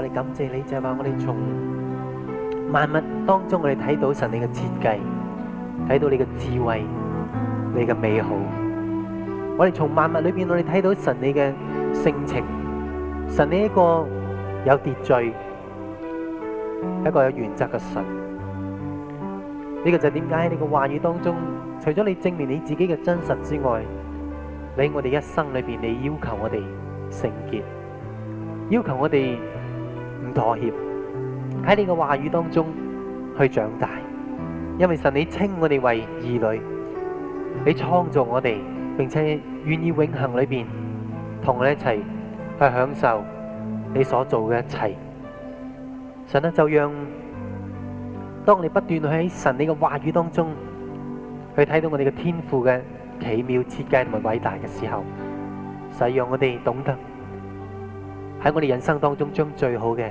我哋感謝你，就係話我哋從萬物當中，我哋睇到神你嘅設計，睇到你嘅智慧，你嘅美好。我哋從萬物裏邊，我哋睇到神你嘅性情，神你一個有秩序、一個有原則嘅神。呢個就係點解喺你嘅話語當中，除咗你證明你自己嘅真實之外，喺我哋一生裏邊，你要求我哋聖潔，要求我哋，妥協，喺你嘅話語當中去長大，因為神你稱我哋為兒女，你創造我哋，並且願意永恆裏邊同我哋一齊去享受你所做嘅一切。神啊，就讓當你不斷喺神你嘅話語當中去睇到我哋嘅天賦嘅奇妙設計同埋偉大嘅時候，使讓我哋懂得喺我哋人生當中將最好嘅。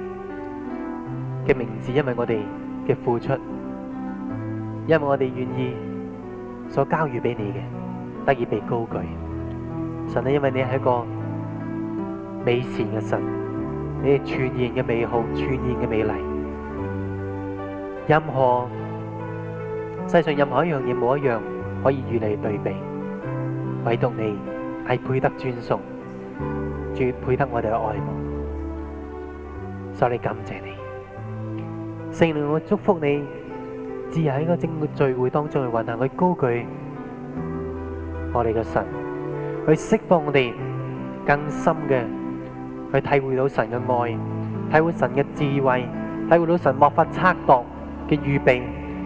嘅名字，因為我哋嘅付出，因為我哋願意所交予俾你嘅，得以被高舉。神啊，因為你係一個美善嘅神，你嘅展現嘅美好，展現嘅美麗，任何世上任何一樣嘢冇一樣可以與你對比，唯獨你係配得尊崇，絕配得我哋嘅愛慕。所以感謝你。聖靈，會祝福你，至喺個整個聚會當中去運行，去高舉我哋嘅神，去釋放我哋更深嘅，去體會到神嘅愛，體會神嘅智慧，體會到神無法測度嘅預備，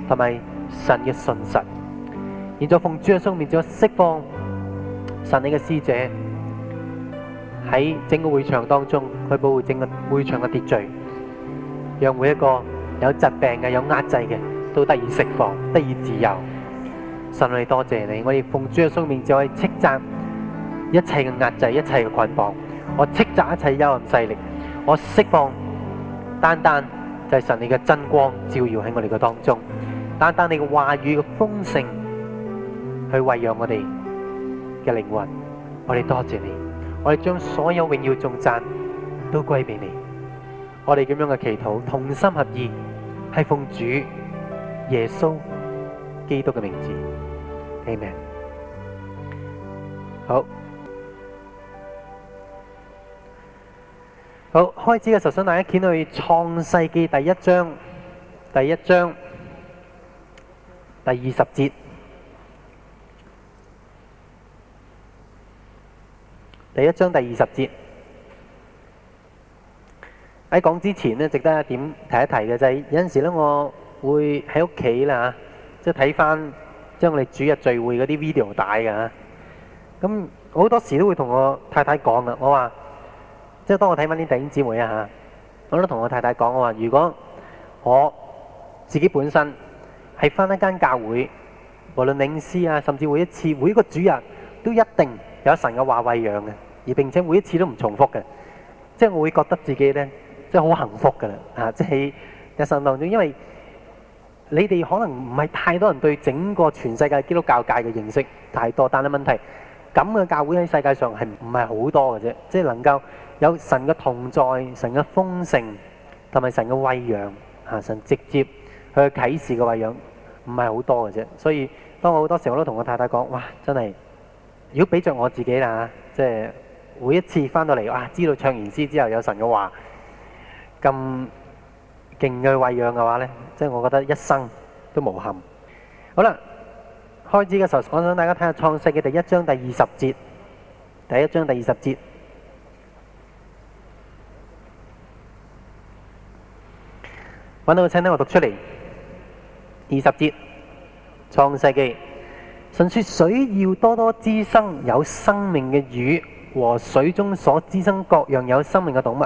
同埋神嘅信實。現在奉主嘅聖名，再釋放神你嘅使者喺整個會場當中，去保護整個會場嘅秩序，讓每一個。有疾病嘅，有壓制嘅，都得以釋放，得以自由。神我哋多謝你，我哋奉主嘅聖名，只可以斥責一切嘅壓制，一切嘅捆綁。我斥責一切幽暗勢力，我釋放，單單就係神你嘅真光照耀喺我哋嘅當中，單單你嘅話語嘅豐盛去餵養我哋嘅靈魂。我哋多謝你，我哋將所有榮耀頌讚都歸俾你。我哋咁樣嘅祈禱，同心合意，係奉主耶穌基督嘅名字，阿們。好，好，開始嘅時候想大家捲去創世記第一章，第一章，第二十節，第一章第二十節。喺講之前呢，值得一點提一提嘅就係、是、有陣時咧，我會喺屋企啦，即係睇翻將我哋主日聚會嗰啲 video 帶嘅。咁好多時都會同我太太講噶，我話即係當我睇翻啲弟兄姊妹啊嚇，我都同我太太講，我話如果我自己本身係翻一間教會，無論領詩啊，甚至每一次每一個主日都一定有神嘅話喂養嘅，而並且每一次都唔重複嘅，即係我會覺得自己呢。即係好幸福噶啦，啊！即係一生當中，因為你哋可能唔係太多人對整個全世界基督教界嘅認識太多，但係問題咁嘅教會喺世界上係唔係好多嘅啫？即係能夠有神嘅同在、神嘅豐盛同埋神嘅餵養，啊！神直接佢嘅啟示嘅餵養唔係好多嘅啫。所以當我好多時我都同我太太講，哇！真係如果俾著我自己啦，即係每一次翻到嚟，哇！知道唱完詩之後有神嘅話。咁勁去喂養嘅話呢，即係我覺得一生都無憾。好啦，開始嘅時候，我想大家睇下《創世記》第一章第二十節。第一章第二十節，揾到個請聽我讀出嚟。二十節，《創世記》神說水要多多滋生有生命嘅魚和水中所滋生各樣有生命嘅動物。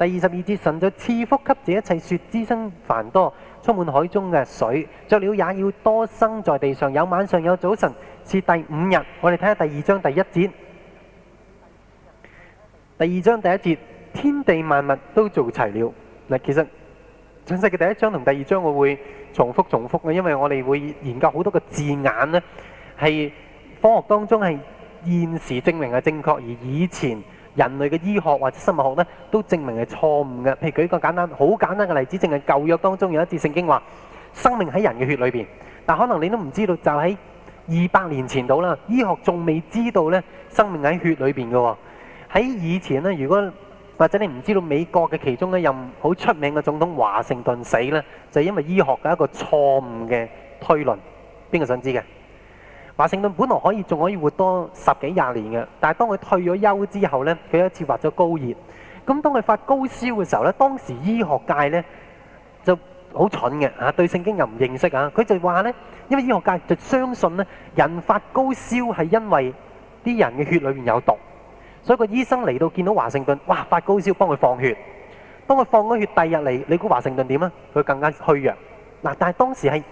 第二十二節，神就賜福給這一切，說滋生繁多，充滿海中嘅水，雀鳥也要多生在地上，有晚上有早晨，是第五日。我哋睇下第二章第一節。第二章第一節，天地萬物都做齊了。嗱，其實創世嘅第一章同第二章我會重複重複啦，因為我哋會研究好多嘅字眼呢，係科學當中係現時證明係正確，而以前。人類嘅醫學或者生物學呢，都證明係錯誤嘅。譬如舉個簡單、好簡單嘅例子，淨係舊約當中有一節聖經話：生命喺人嘅血裏邊。但可能你都唔知道，就喺二百年前度啦，醫學仲未知道呢，生命喺血裏邊嘅喎。喺以前呢，如果或者你唔知道美國嘅其中一任好出名嘅總統華盛頓死呢，就係因為醫學嘅一個錯誤嘅推論。邊個想知嘅？華盛頓本來可以仲可以活多十幾廿年嘅，但係當佢退咗休之後呢，佢有一次發咗高熱，咁當佢發高燒嘅時候呢，當時醫學界呢就好蠢嘅，吓對聖經又唔認識啊，佢就話呢，因為醫學界就相信呢，人發高燒係因為啲人嘅血裏面有毒，所以個醫生嚟到見到華盛頓，哇發高燒，幫佢放血，當佢放咗血，第日嚟，你估華盛頓點啊？佢更加虛弱，嗱，但係當時係。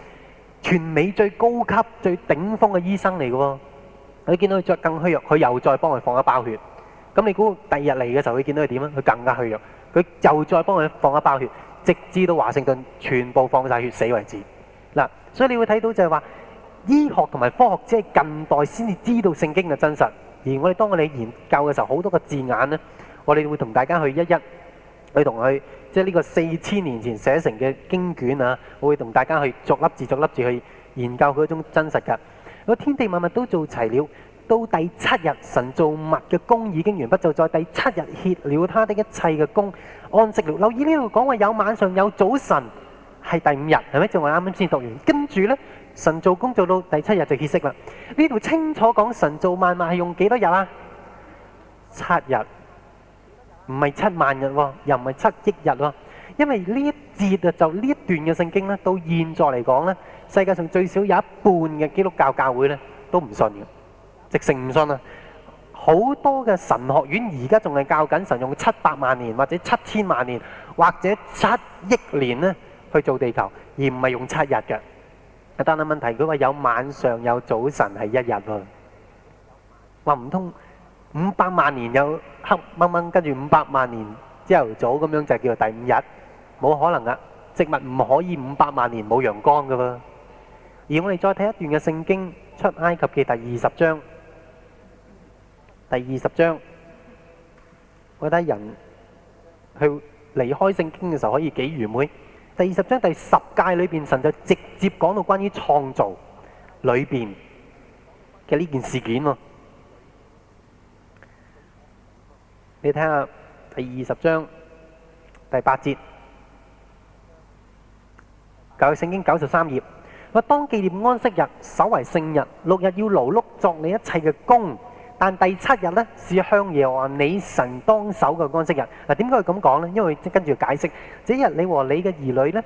全美最高級、最頂峰嘅醫生嚟嘅喎，你見到佢着更虛弱，佢又再幫佢放一包血。咁你估第二日嚟嘅時候，你見到佢點啊？佢更加虛弱，佢又再幫佢放一包血，直至到華盛頓全部放晒血死為止。嗱，所以你會睇到就係話，醫學同埋科學只係近代先至知道聖經嘅真實。而我哋當我哋研究嘅時候，好多個字眼呢，我哋會同大家去一一去同佢。即係呢個四千年前寫成嘅經卷啊，我會同大家去逐粒字、逐粒字去研究佢一種真實㗎。如果天地萬物都做齊了，到第七日，神做物嘅工已經完畢。就在第七日歇了他的一切嘅工，安息了。留意呢度講話有晚上有早晨，係第五日，係咪？就我啱啱先讀完，跟住呢，神做工做到第七日就歇息啦。呢度清楚講神做萬物係用幾多日啊？七日。唔係七萬日喎，又唔係七億日喎，因為呢一節啊，就呢一段嘅聖經呢，到現在嚟講呢，世界上最少有一半嘅基督教教會呢都唔信嘅，直情唔信啊！好多嘅神學院而家仲係教緊神用七百萬年或者七千萬年或者七億年呢去做地球，而唔係用七日嘅。但係問題是，佢話有晚上有早晨係一日喎，話唔通？五百萬年有黑蚊蚊，跟住，五百萬年朝頭早咁樣就叫做第五日，冇可能噶。植物唔可以五百萬年冇陽光噶喎。而我哋再睇一段嘅聖經出埃及記嘅第二十章，第二十章，我覺得人去離開聖經嘅時候可以幾愚昧。第二十章第十誡裏邊神就直接講到關於創造裏邊嘅呢件事件喎。你睇下第二十章第八節，教義聖經九十三頁。我當紀念安息日，守為聖日，六日要勞碌作你一切嘅工，但第七日咧是向耶和華你神當守嘅安息日。嗱，點解咁講咧？因為即跟住解釋，這日你和你嘅兒女咧，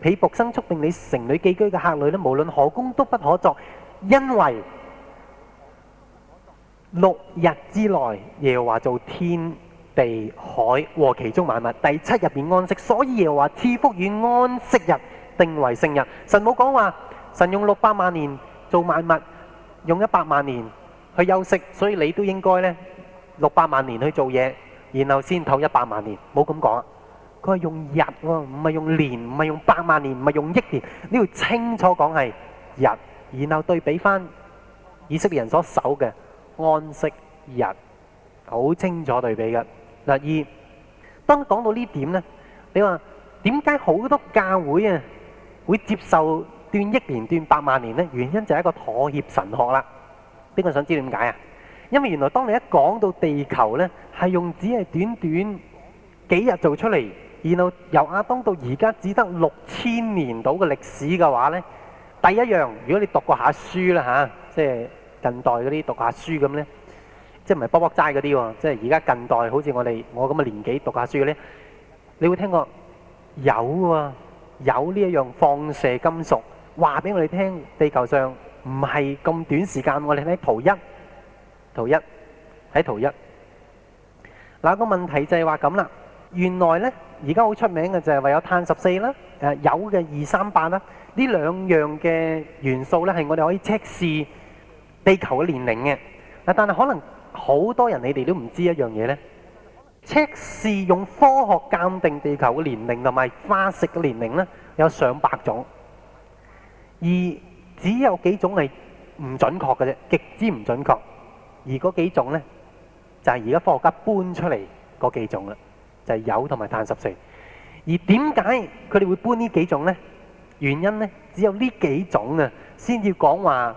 婢僕牲畜並你城裏寄居嘅客旅咧，無論何工都不可作，因為。六日之內，耶和華做天地海和其中萬物，第七日便安息，所以耶和華賜福與安息日，定為聖日。神冇講話，神用六百萬年做萬物，用一百萬年去休息，所以你都應該呢六百萬年去做嘢，然後先唞一百萬年。冇咁講啊，佢係用日喎，唔係用年，唔係用百萬年，唔係用億年。你要清楚講係日，然後對比翻以色列人所守嘅。安息日，好清楚對比嘅嗱。二，當你講到呢點呢，你話點解好多教會啊會接受斷億年、斷百萬年呢？原因就係一個妥協神學啦。邊個想知點解啊？因為原來當你一講到地球呢，係用只係短短幾日做出嚟，然後由亞當到而家只得六千年到嘅歷史嘅話呢。第一樣如果你讀過下書咧吓，即、啊、係。就是近代嗰啲讀下書咁咧，即係唔係卜卜齋嗰啲喎？即係而家近代好似我哋我咁嘅年紀讀下書嘅咧，你會聽過有啊有呢一樣放射金屬，話俾我哋聽，地球上唔係咁短時間。我哋睇圖一，圖一喺圖一，嗱個問題就係話咁啦。原來咧，而家好出名嘅就係唯有碳十四啦，誒有嘅二三八啦，呢兩樣嘅元素咧係我哋可以測試地球嘅年齡嘅，嗱，但係可能好多人你哋都唔知一樣嘢咧。測試用科學鑑定地球嘅年齡同埋化石嘅年齡咧，有上百種，而只有幾種係唔準確嘅啫，極之唔準確。而嗰幾種咧，就係而家科學家搬出嚟嗰幾種啦，就係鈾同埋碳十四。而點解佢哋會搬呢幾種咧？原因咧，只有呢幾種啊，先至講話。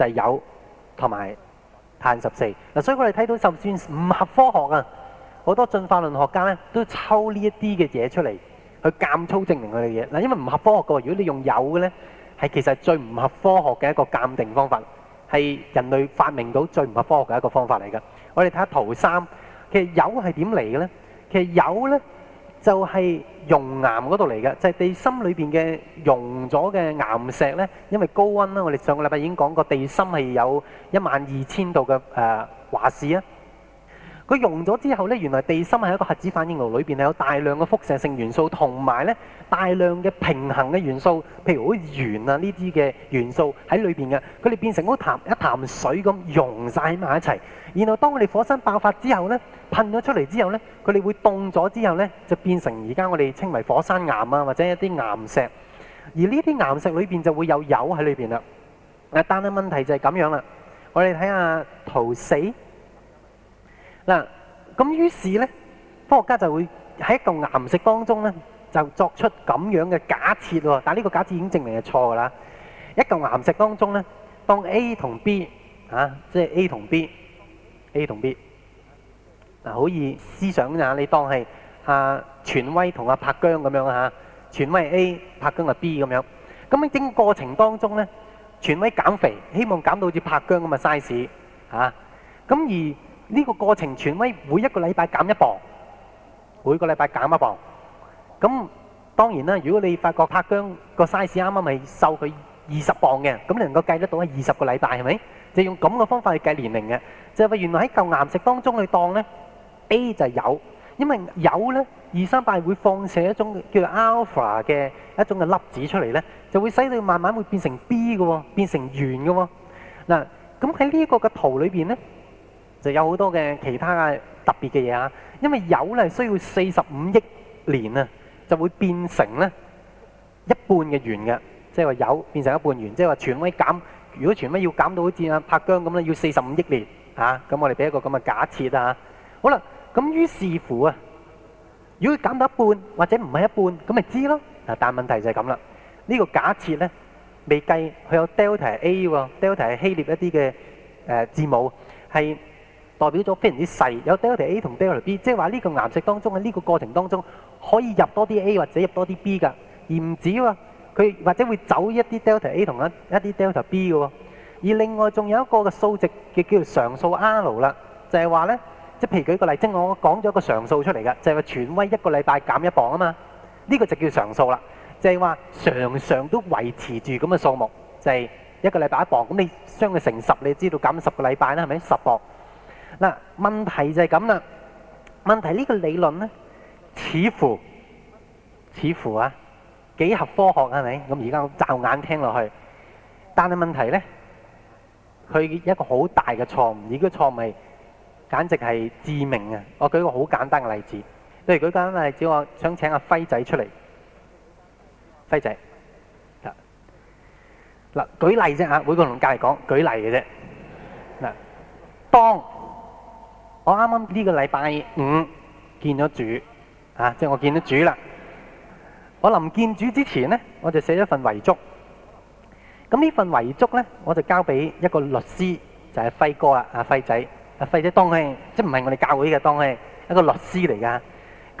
就係有同埋碳十四嗱，所以我哋睇到，就算唔合科學啊，好多進化論學家咧都抽呢一啲嘅嘢出嚟去鑑粗證明佢哋嘅嘢嗱，因為唔合科學嘅喎，如果你用有嘅咧，係其實最唔合科學嘅一個鑑定方法，係人類發明到最唔合科學嘅一個方法嚟㗎。我哋睇下圖三，其實有係點嚟嘅咧？其實有咧。就係熔岩嗰度嚟嘅，就係地心裏面嘅熔咗嘅岩石呢。因為高溫啦。我哋上個禮拜已經講過，地心係有一萬二千度嘅誒、呃、華氏啊。佢溶咗之後呢，原來地心係一個核子反應爐，裏邊係有大量嘅輻射性元素，同埋呢大量嘅平衡嘅元素，譬如嗰啲鉛啊呢啲嘅元素喺裏邊嘅，佢哋變成嗰啲一潭水咁溶晒埋一齊。然後當我哋火山爆發之後呢，噴咗出嚟之後呢，佢哋會凍咗之後呢，就變成而家我哋稱為火山岩啊，或者一啲岩石。而呢啲岩石裏邊就會有油喺裏邊啦。但係問題就係咁樣啦。我哋睇下圖四。嗱，咁於是咧，科學家就會喺一個岩石當中咧，就作出咁樣嘅假設喎。但係呢個假設已經證明係錯㗎啦。一個岩石當中咧，當 A 同 B 啊，即係 A 同 B，A 同 B，嗱，好易思想㗎，你當係啊，權威同阿柏姜咁樣吓，權威 A，柏姜啊 B 咁樣。咁喺整個過程當中咧，權威減肥，希望減到好似柏姜咁嘅 size 啊，咁而。呢個過程全威每一個禮拜減一磅，每個禮拜減一磅。咁當然啦，如果你發覺柏姜個 size 啱啱咪瘦佢二十磅嘅，咁你能夠計得到係二十個禮拜，係咪？就用咁嘅方法去計年齡嘅。就係話原來喺舊岩石當中去當咧，A 就係鈾，因為鈾咧，二三八會放射一種叫做 alpha 嘅一種嘅粒子出嚟咧，就會使到慢慢會變成 B 嘅喎，變成圓嘅喎。嗱，咁喺呢個嘅圖裏邊咧。就有好多嘅其他嘅特別嘅嘢啊！因為鈾咧需要四十五億年啊，就會變成咧一半嘅鉛嘅，即係話鈾變成一半鉛，即係話全威減。如果全威要減到好似阿柏姜咁咧，要四十五億年啊，咁我哋俾一個咁嘅假設啊。好啦，咁於是乎啊，如果減到一半或者唔係一半，咁咪知咯。嗱，但問題就係咁啦。呢個假設咧未計佢有 Delta A 喎，Delta 係希臘一啲嘅誒字母係。代表咗非常之細，有 delta A 同 delta B，即係話呢個岩石當中喺呢、這個過程當中可以入多啲 A 或者入多啲 B 噶，而唔止喎，佢或者會走一啲 delta A 同一啲 delta B 嘅喎。而另外仲有一個嘅數值嘅叫做常數 R 啦，就係話呢。即係譬如舉個例子，即係我講咗個常數出嚟嘅，就係、是、話全威一個禮拜減一磅啊嘛，呢、這個就叫常數啦，就係、是、話常常都維持住咁嘅數目，就係、是、一個禮拜一磅，咁你將佢乘十，你知道減十個禮拜啦，係咪十磅？嗱，問題就係咁啦。問題呢個理論咧，似乎，似乎啊，幾合科學啊，係咪？咁而家我驟眼聽落去，但係問題咧，佢一個好大嘅錯誤，而個錯誤係，簡直係致命啊！我舉個好簡單嘅例子，譬如舉個簡單例子，我想請阿輝仔出嚟。輝仔，嗱，嗱，舉例啫嚇，每個隔籬嚟講舉例嘅啫。嗱，當我啱啱呢個禮拜五見咗主，啊，即係我見咗主啦。我臨見主之前呢，我就寫咗份遺囑。咁呢份遺囑呢，我就交俾一個律師，就係輝哥啦，阿輝仔，阿輝仔當佢，即係唔係我哋教會嘅當佢，一個律師嚟噶。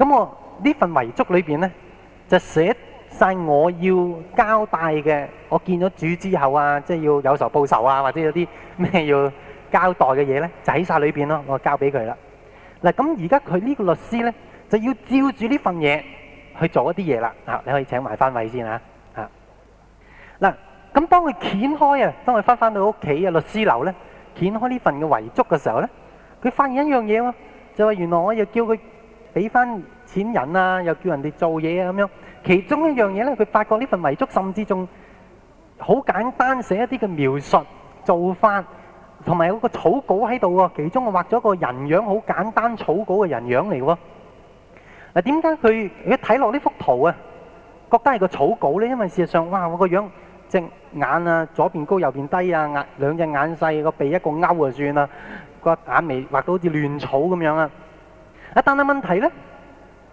咁我呢份遺囑裏邊呢，就寫晒我要交代嘅，我見咗主之後啊，即係要有仇報仇啊，或者有啲咩要。交代嘅嘢咧，就喺晒裏邊咯，我交俾佢啦。嗱，咁而家佢呢個律師咧，就要照住呢份嘢去做一啲嘢啦。啊，你可以請埋翻位先啊。啊，嗱，咁當佢掀開啊，當佢翻翻到屋企啊，律師樓咧，掀開呢份嘅遺囑嘅時候咧，佢發現一樣嘢喎，就話原來我又叫佢俾翻錢人啊，又叫人哋做嘢啊，咁樣。其中一樣嘢咧，佢發覺呢份遺囑甚至仲好簡單寫一啲嘅描述做翻。同埋有個草稿喺度喎，其中我畫咗個人樣，好簡單草稿嘅人樣嚟喎。嗱，點解佢一睇落呢幅圖啊，覺得係個草稿呢？因為事實上，哇，我個樣隻眼啊，左邊高右邊低啊，眼兩隻眼細，個鼻一個勾啊，算啦，個眼眉畫到好似亂草咁樣啊。一但係問題呢，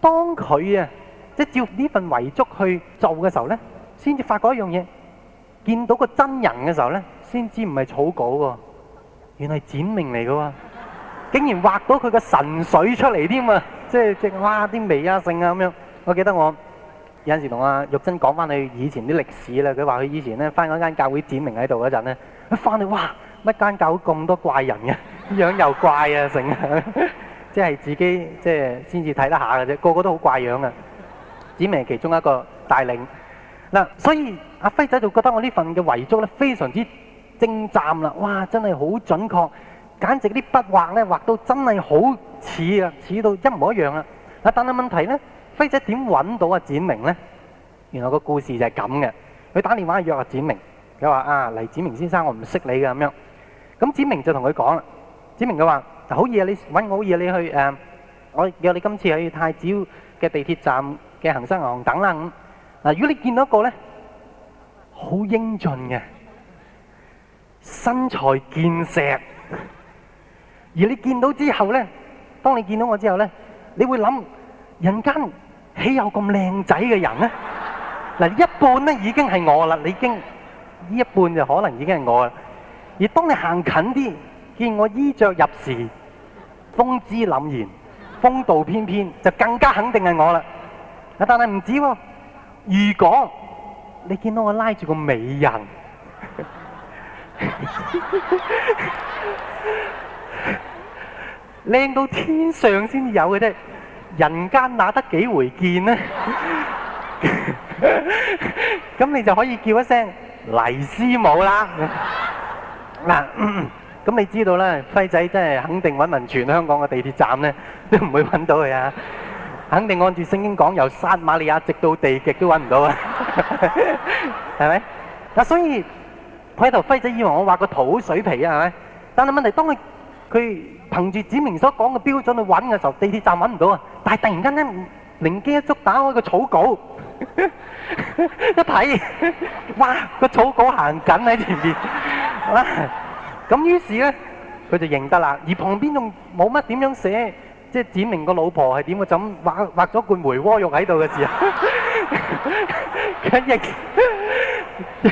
當佢啊，即係照呢份遺囑去做嘅時候呢，先至發覺一樣嘢，見到個真人嘅時候呢，先知唔係草稿喎。原來展明嚟嘅喎，竟然畫到佢個神髓出嚟添啊！即係即係，哇啲眉啊、剩啊咁樣。我記得我有陣時同阿、啊、玉珍講翻你以前啲歷史啦。佢話佢以前咧翻嗰間教會展明喺度嗰陣咧，一翻去哇，乜間教會咁多怪人啊， 樣又怪啊成啊， 即係自己即係先至睇得下嘅啫。個個都好怪樣啊，展明其中一個帶領嗱、啊，所以阿輝仔就覺得我這份的遺呢份嘅遺蹟咧，非常之，精湛啦，哇！真係好準確，簡直啲筆畫咧畫到真係好似啊，似到一模一樣啊！嗱，但係問題咧，輝仔點揾到阿展明咧？原來個故事就係咁嘅，佢打電話約阿展明，佢話啊，黎展明先生，我唔識你噶，咁樣。咁展明就同佢講啦，展明佢話好嘢，你揾我好嘢，你去誒，我約你今次去太子嘅地鐵站嘅恆生銀行等啦。嗱，如果你見到一個咧，好英俊嘅。身材健碩，而你見到之後呢？當你見到我之後呢，你會諗：人間豈有咁靚仔嘅人呢？嗱， 一半呢已經係我啦，你已經呢一半就可能已經係我啦。而當你行近啲，見我衣着入時，風姿凜然，風度翩翩，就更加肯定係我啦。但係唔止喎，如果你見到我拉住個美人。靚到天上先有嘅啫，人間哪得幾回見呢？咁你就可以叫一聲黎師母啦。嗱，咁你知道啦，輝仔真係肯定搵問全香港嘅地鐵站呢，都唔會搵到佢啊。肯定按住聖經講，由撒瑪利亞直到地極都搵唔到啊，係咪？嗱，所以。佢喺度揮仔，以為我畫個土水皮啊，係咪？但係問題當佢佢憑住指明所講嘅標準去揾嘅時候，地鐵站揾唔到啊！但係突然間咧靈機一觸，打開個草稿一睇，哇！個草稿行緊喺前邊啊！咁於是咧，佢就認得啦。而旁邊仲冇乜點樣寫，即係指明個老婆係點嘅，就畫畫咗罐梅窩肉喺度嘅時候，緊亦。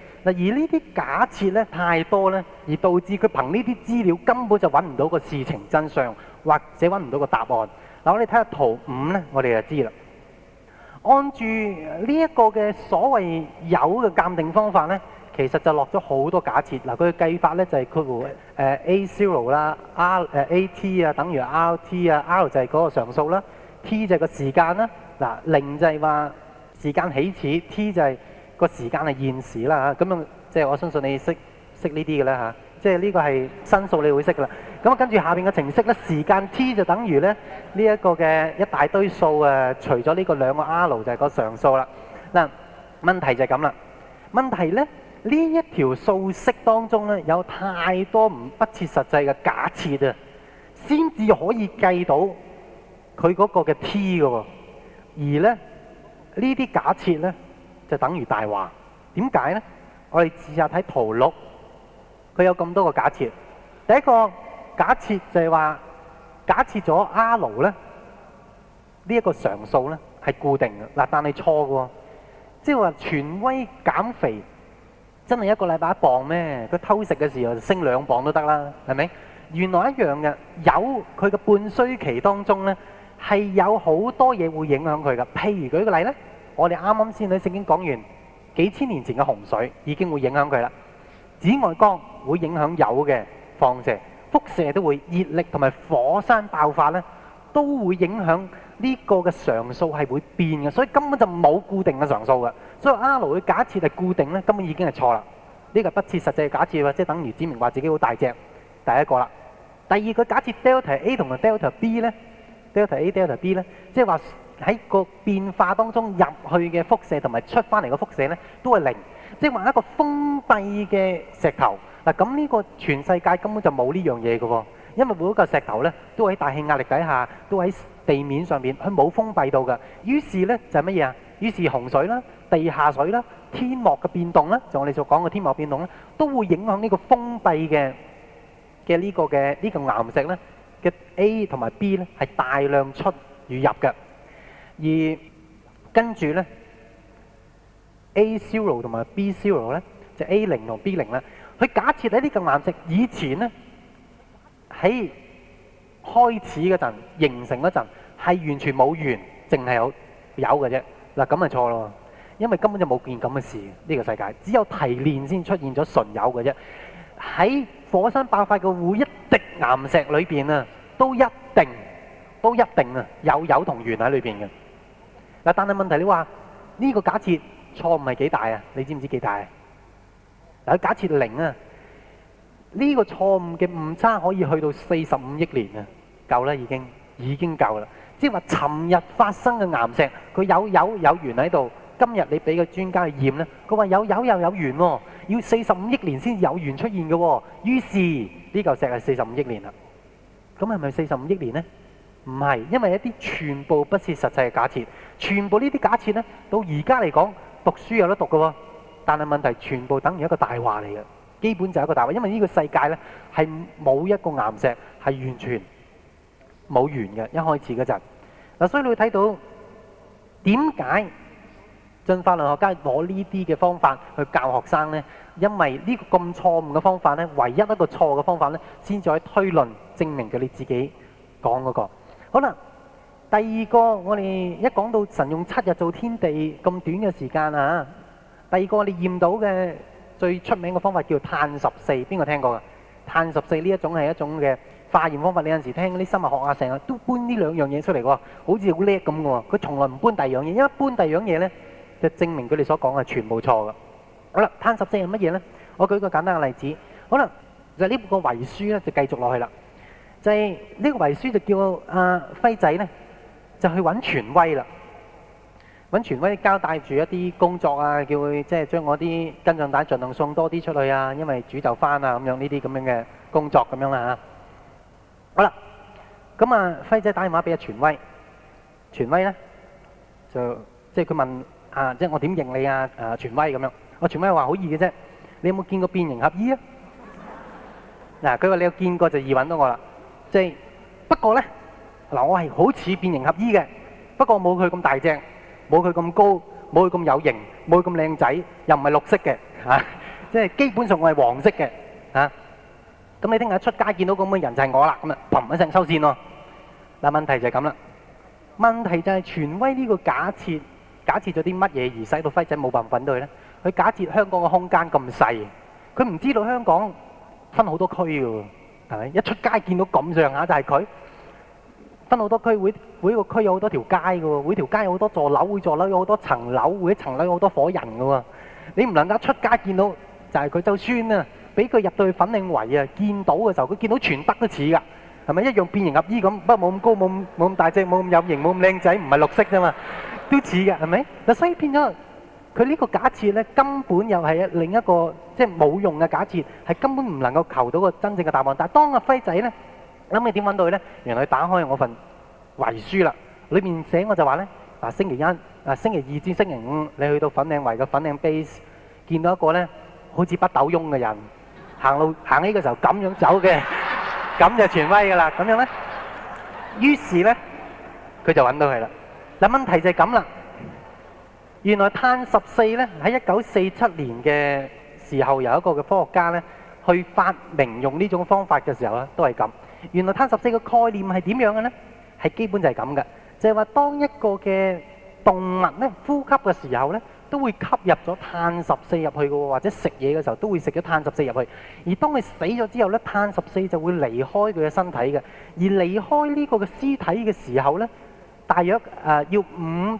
嗱，而呢啲假設咧太多咧，而導致佢憑呢啲資料根本就揾唔到個事情真相，或者揾唔到個答案。嗱，我哋睇下圖五咧，我哋就知啦。按住呢一個嘅所謂有嘅鑑定方法咧，其實就落咗好多假設。嗱，佢嘅計法咧就係括弧誒 A zero 啦，R 誒 A t 啊，等於 R t 啊，R 就係嗰個常數啦，t 就係個時間啦。嗱，零就係話時間起始，t 就係、是個時間係現時啦嚇，咁啊即係我相信你識識呢啲嘅啦嚇，即係呢個係新數你會識嘅啦。咁啊跟住下邊嘅程式咧，時間 t 就等於咧呢一、這個嘅一大堆數誒、啊，除咗呢個兩個 r 就係個常數啦。嗱，問題就係咁啦，問題咧呢這一條數式當中咧有太多唔不切實際嘅假設啊，先至可以計到佢嗰個嘅 t 嘅喎、喔。而咧呢啲假設咧。就等於大話，點解呢？我哋試下睇圖六，佢有咁多個假設。第一個假設就係話，假設咗 R 呢呢一個常數呢係固定嘅嗱，但係錯嘅，即係話權威減肥真係一個禮拜一磅咩？佢偷食嘅時候就升兩磅都得啦，係咪？原來一樣嘅，有佢嘅半衰期當中呢，係有好多嘢會影響佢嘅，譬如舉個例呢。我哋啱啱先喺聖經講完，幾千年前嘅洪水已經會影響佢啦。紫外光會影響有嘅放射、輻射都會熱力同埋火山爆發呢，都會影響呢個嘅常數係會變嘅，所以根本就冇固定嘅常數嘅。所以阿羅嘅假設係固定呢，根本已經係錯啦。呢、這個不切實際嘅假設，即係等於指明話自己好大隻，第一個啦。第二個，個假設 delta A 同埋 delta B 呢 delta A delta B 呢？即係話。喺個變化當中入去嘅輻射同埋出翻嚟嘅輻射呢，都係零，即係話一個封閉嘅石頭嗱。咁呢個全世界根本就冇呢樣嘢㗎喎，因為每一個石頭呢，都喺大氣壓力底下，都喺地面上面，佢冇封閉到㗎。於是呢，就係乜嘢啊？於是洪水啦、地下水啦、天幕嘅變動啦，就我哋所講嘅天幕變動呢，都會影響呢個封閉嘅嘅呢個嘅呢嚿岩石呢嘅 A 同埋 B 呢，係大量出與入嘅。而跟住咧，A zero 同埋 B zero 咧，就是、A 零同 B 零啦。佢假設喺呢個岩石以前咧，喺開始嗰陣形成嗰陣，係完全冇鉛淨係有只是有嘅啫。嗱、啊、咁就錯咯，因為根本就冇件咁嘅事。呢、這個世界只有提煉先出現咗純有嘅啫。喺火山爆發嘅每一滴岩石裏邊啊，都一定都一定啊有有同鉛喺裏邊嘅。嗱，但係問題你話呢個假設錯誤係幾大啊？你知唔知幾大啊？嗱，假設零啊，呢個錯誤嘅誤差可以去到四十五億年啊，夠啦已經，已經夠啦。即係話尋日發生嘅岩石，佢有有有緣喺度，今日你俾個專家去驗呢，佢話有有又有緣喎，要四十五億年先有緣出現嘅喎。於是呢嚿石係四十五億年啦，咁係咪四十五億年呢？唔係，因為一啲全部不是實際嘅假設，全部呢啲假設呢，到而家嚟講，讀書有得讀嘅喎，但係問題全部等於一個大話嚟嘅，基本就係一個大話。因為呢個世界呢，係冇一個岩石係完全冇完嘅，一開始嗰陣。嗱，所以你會睇到點解進化論學家攞呢啲嘅方法去教學生呢？因為呢個咁錯誤嘅方法呢，唯一一個錯嘅方法呢，先至可以推論證明佢你自己講嗰個。好啦，第二個我哋一講到神用七日做天地咁短嘅時間啊，第二個我哋驗到嘅最出名嘅方法叫碳十四，邊個聽過噶？碳十四呢一種係一種嘅化驗方法，你有陣時聽啲生物學啊，成日都搬呢兩樣嘢出嚟嘅喎，好似好叻咁嘅喎。佢從來唔搬第二樣嘢，因為搬第二樣嘢呢，就證明佢哋所講嘅全部錯嘅。好啦，碳十四係乜嘢呢？我舉個簡單嘅例子，好啦，就呢個遺書咧，就繼續落去啦。就係呢個遺書就叫阿輝仔咧，就去揾權威啦，揾權威交代住一啲工作啊，叫佢即係將我啲跟進單盡量送多啲出去啊，因為主就返啊咁樣呢啲咁樣嘅工作咁樣啦嚇。好啦，咁啊輝仔打電話俾阿權威，權威咧就即係佢問啊，即係我點認你啊？誒權威咁樣，阿權威話好易嘅啫，你有冇見過變形俠醫啊？嗱，佢話你有見過就易揾到我啦。即係不過呢，嗱，我係好似變形俠醫嘅，不過冇佢咁大隻，冇佢咁高，冇佢咁有型，冇佢咁靚仔，又唔係綠色嘅，啊！即係基本上我係黃色嘅，啊！咁你聽日出街見到咁嘅人就係我啦，咁啊，砰一聲收線喎。嗱問題就係咁啦，問題就係權威呢個假設，假設咗啲乜嘢而使到輝仔冇辦法揾到佢呢？佢假設香港嘅空間咁細，佢唔知道香港分好多區㗎喎。係咪一出街見到咁上下就係佢？分好多區會，每一個區有好多條街嘅喎，每條街有好多座樓，每座樓有好多層樓，每層樓有好多夥人嘅喎。你唔能夠出街見到就係佢。就算啊，俾佢入到去粉嶺圍啊，見到嘅時候，佢見到全德都似㗎，係咪一樣變形俠醫咁？不過冇咁高，冇冇咁大隻，冇咁有型，冇咁靚仔，唔係綠色啫嘛，都似嘅係咪？嗱，西變咗。佢呢個假設咧，根本又係一另一個即係冇用嘅假設，係根本唔能夠求到個真正嘅答案。但係當阿輝仔咧諗你點揾到佢咧？原來打開我份遺書啦，裏面寫我就話咧：嗱星期一、啊星期二至星期五，你去到粉嶺圍嘅粉嶺 base，見到一個咧好似不倒翁嘅人，行路行起嘅時候咁樣走嘅，咁就傳威㗎啦。咁樣咧，於是咧佢就揾到佢啦。嗱問題就係咁啦。原來碳十四咧喺一九四七年嘅時候有一個嘅科學家咧去發明用呢種方法嘅時候咧都係咁。原來碳十四嘅概念係點樣嘅咧？係基本就係咁嘅，就係話當一個嘅動物咧呼吸嘅時候咧都會吸入咗碳十四入去嘅喎，或者食嘢嘅時候都會食咗碳十四入去。而當佢死咗之後咧，碳十四就會離開佢嘅身體嘅。而離開呢個嘅屍體嘅時候咧，大約誒要五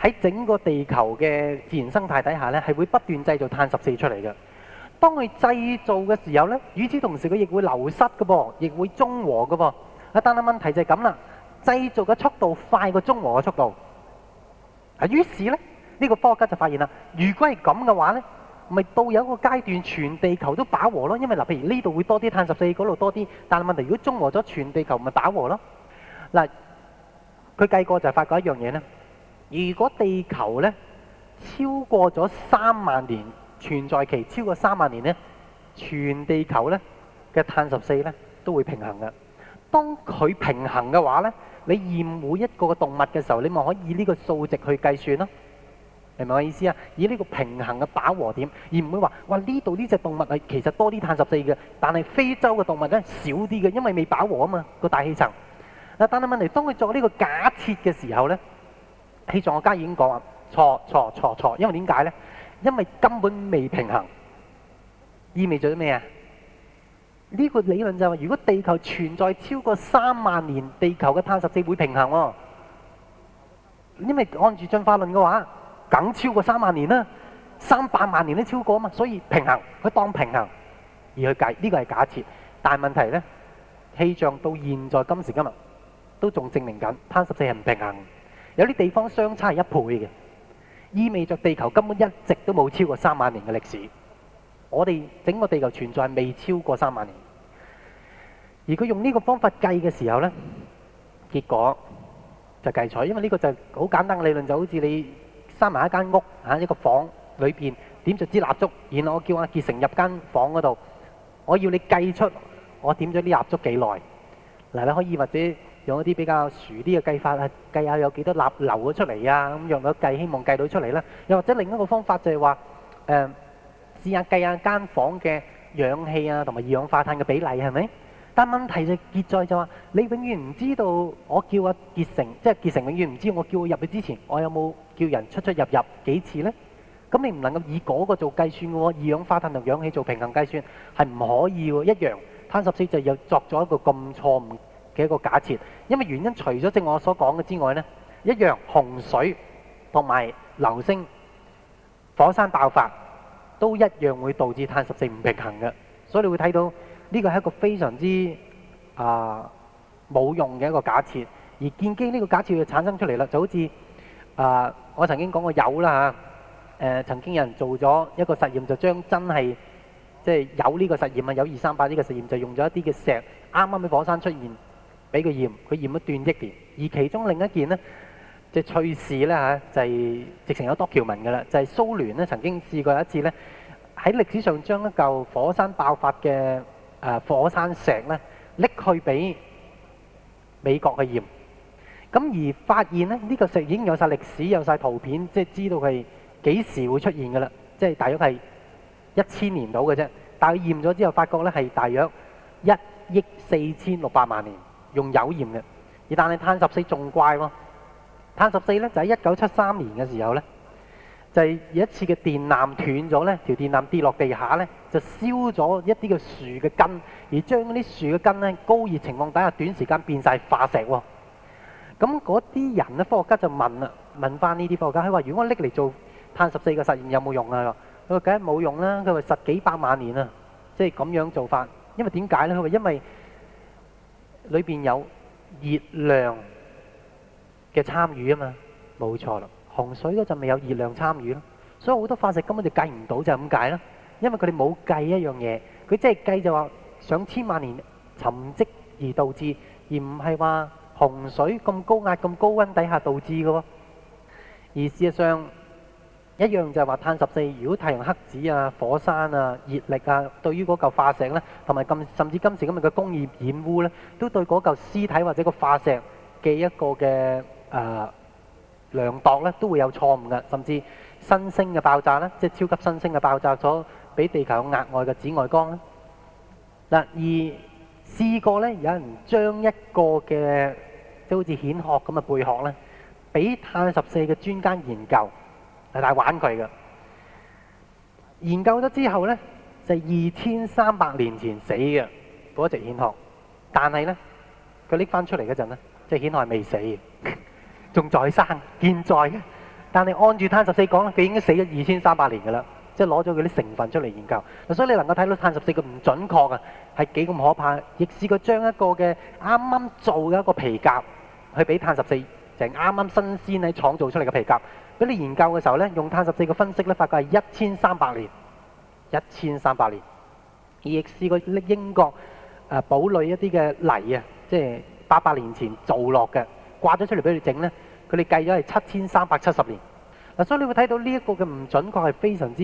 喺整個地球嘅自然生態底下呢係會不斷製造碳十四出嚟嘅。當佢製造嘅時候呢，與此同時佢亦會流失嘅噃，亦會中和嘅噃。啊，但係問題就係咁啦，製造嘅速，速度快過中和嘅速度。啊，於是咧，呢、呢個科學家就發現啦，如果係咁嘅話呢，咪到有一個階段全地球都飽和咯。因為嗱，譬如呢度會多啲碳十四，嗰度多啲，但係問題如果中和咗全地球，咪飽和咯。嗱，佢計過就係發覺一樣嘢呢。如果地球呢超過咗三萬年存在期，超過三萬年呢，全地球呢嘅碳十四呢都會平衡嘅。當佢平衡嘅話呢，你驗每一個動物嘅時候，你咪可以呢個數值去計算啦，明唔明我意思啊？以呢個平衡嘅飽和點，而唔會話哇呢度呢隻動物係其實多啲碳十四嘅，但係非洲嘅動物呢少啲嘅，因為未飽和啊嘛個大氣層。但係問題，當佢作呢個假設嘅時候呢。氣象學家已經講啊，錯錯錯錯，因為點解呢？因為根本未平衡，意味著咩啊？呢個理論就係話如果地球存在超過三萬年，地球嘅碳十四會平衡喎。因為按住進化論嘅話，梗超過三萬年啦，三百萬年都超過啊嘛，所以平衡，佢當平衡而去計，呢個係假設。但係問題呢，氣象到現在今時今日都仲證明緊，碳十四係唔平衡。有啲地方相差一倍嘅，意味着地球根本一直都冇超過三萬年嘅歷史。我哋整個地球存在未超過三萬年。而佢用呢個方法計嘅時候呢，結果就計錯。因為呢個就好簡單嘅理論，就是好似你閂埋一間屋啊，一個房裏邊點著支蠟燭，然後我叫阿杰成入間房嗰度，我要你計出我點咗啲蠟燭幾耐。嗱，你可以或者。用一啲比較熟啲嘅計法啊，計下有幾多臘流咗出嚟啊，咁用咗計，希望計到出嚟啦。又或者另一個方法就係話，誒試下計下間房嘅氧氣啊同埋二氧化碳嘅比例係咪？但問題就結在就話，你永遠唔知道我叫阿傑成，即係傑成永遠唔知我叫佢入去之前，我有冇叫人出出入入幾次呢？咁你唔能夠以嗰個做計算嘅喎，二氧化碳同氧氣做平衡計算係唔可以喎，一樣。碳十四就又作咗一個咁錯誤嘅一個假設，因為原因除咗正我所講嘅之外咧，一樣洪水同埋流星、火山爆發都一樣會導致碳十四唔平衡嘅，所以你會睇到呢個係一個非常之啊冇用嘅一個假設。而建基呢個假設就產生出嚟啦，就好似啊，我曾經講過有啦嚇，誒曾經有人做咗一個實驗，就將真係即係有呢個實驗啊，有二三八呢個實驗，就用咗一啲嘅石啱啱喺火山出現，俾佢驗，佢驗咗段億年。而其中另一件呢，即、就是、趣事呢，嚇、啊，就係、是、直情有多橋文噶啦。就係、是、蘇聯呢曾經試過一次呢，喺歷史上將一嚿火山爆發嘅、呃、火山石呢，拎去俾美國去驗。咁而發現呢，呢、這個石已經有晒歷史，有晒圖片，即、就是、知道係幾時會出現噶啦。即、就、係、是、大約係一千年到嘅啫。但係驗咗之後，發覺呢，係大約一億四千六百萬年。用油鹽嘅，而但係碳十四仲怪喎、啊。碳十四呢就喺一九七三年嘅時候呢，就係、是、有一次嘅電纜斷咗呢，條電纜跌落地下呢，就燒咗一啲嘅樹嘅根，而將啲樹嘅根呢，高熱情況底下短時間變晒化石喎、啊。咁嗰啲人呢，科學家就問啦，問返呢啲科學家，佢話：如果我拎嚟做碳十四嘅實驗有冇用啊？佢話梗係冇用啦、啊。佢話十幾百萬年啊，即係咁樣做法。因為點解呢？佢話因為。裏面有熱量嘅參與啊嘛，冇錯啦。洪水嗰陣咪有熱量參與咯，所以好多化石根本就計唔到就係咁解啦。因為佢哋冇計一樣嘢，佢即係計就話上千萬年沉積而導致，而唔係話洪水咁高壓咁高溫底下導致嘅喎。而事實上，一樣就係話碳十四。如果太陽黑子啊、火山啊、熱力啊，對於嗰嚿化石咧，同埋今甚至今時今日嘅工業染污咧，都對嗰嚿屍體或者個化石嘅一個嘅誒量度咧，都會有錯誤嘅。甚至新星嘅爆炸咧，即係超級新星嘅爆炸咗，俾地球額外嘅紫外光咧。嗱，而試過咧，有人將一個嘅即係好似蜆殼咁嘅貝殼咧，俾碳十四嘅專家研究。係玩具噶，研究咗之後呢，就二千三百年前死嘅嗰隻蜆殼，但係呢，佢拎翻出嚟嗰陣咧，即係蜆殼未死，仲在生，健在嘅。但係按住碳十四講佢已經死咗二千三百年噶啦，即係攞咗佢啲成分出嚟研究。所以你能夠睇到碳十四嘅唔準確啊，係幾咁可怕。亦試過將一個嘅啱啱做嘅一個皮夾，去俾碳十四，就係啱啱新鮮喺廠做出嚟嘅皮夾。俾你研究嘅時候咧，用碳十四個分析咧，發覺係一千三百年，一千三百年。亦試過拎英國啊，堡壘一啲嘅泥啊，即係八百年前做落嘅，掛咗出嚟俾你整咧，佢哋計咗係七千三百七十年。嗱，所以你會睇到呢一個嘅唔準確係非常之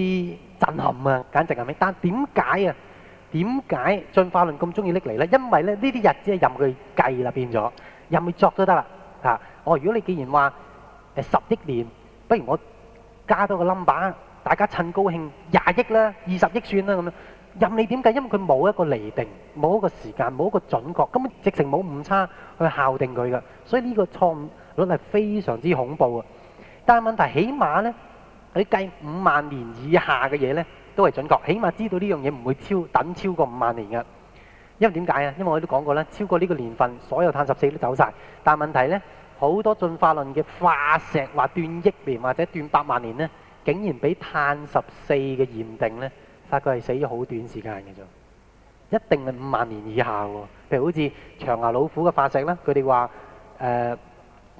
震撼啊，簡直係咩？但點解啊？點解進化論咁中意拎嚟咧？因為咧呢啲日子係任佢計啦，變咗，任佢作都得啦。嚇！哦，如果你既然話誒十億年。不如我加多個 number，大家趁高興廿億啦，二十億算啦咁樣。任你點計，因為佢冇一個釐定，冇一個時間，冇一個準確，根本直情冇誤差去校定佢㗎。所以呢個錯誤率係非常之恐怖啊！但係問題起碼咧，你計五萬年以下嘅嘢咧，都係準確。起碼知道呢樣嘢唔會超等超過五萬年嘅。因為點解啊？因為我都講過啦，超過呢個年份，所有碳十四都走晒。但係問題咧。好多進化論嘅化石或斷億年或者斷百萬年咧，竟然俾碳十四嘅驗定咧，發覺係死咗好短時間嘅啫，一定係五萬年以下喎。譬如好似長牙老虎嘅化石啦，佢哋話誒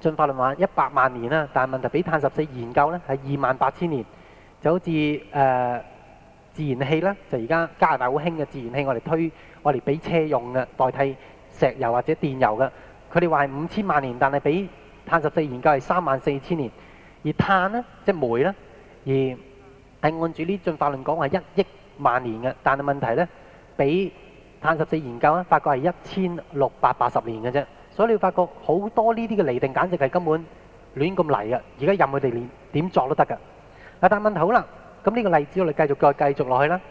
進化論話一百萬年啦，但係問題俾碳十四研究咧係二萬八千年，就好似誒自然氣啦，就而家加拿大好興嘅自然氣，我哋推我哋俾車用嘅，代替石油或者電油嘅。佢哋話係五千萬年，但係比碳十四研究係三萬四千年；而碳咧，即係煤咧，而係按住呢進化論講係一億萬年嘅。但係問題咧，比碳十四研究咧，發覺係一千六百八十年嘅啫。所以你發覺好多呢啲嘅釐定，簡直係根本亂咁嚟嘅。而家任佢哋點點作都得㗎。嗱，但問題好啦，咁呢個例子我哋繼續再繼續落去啦。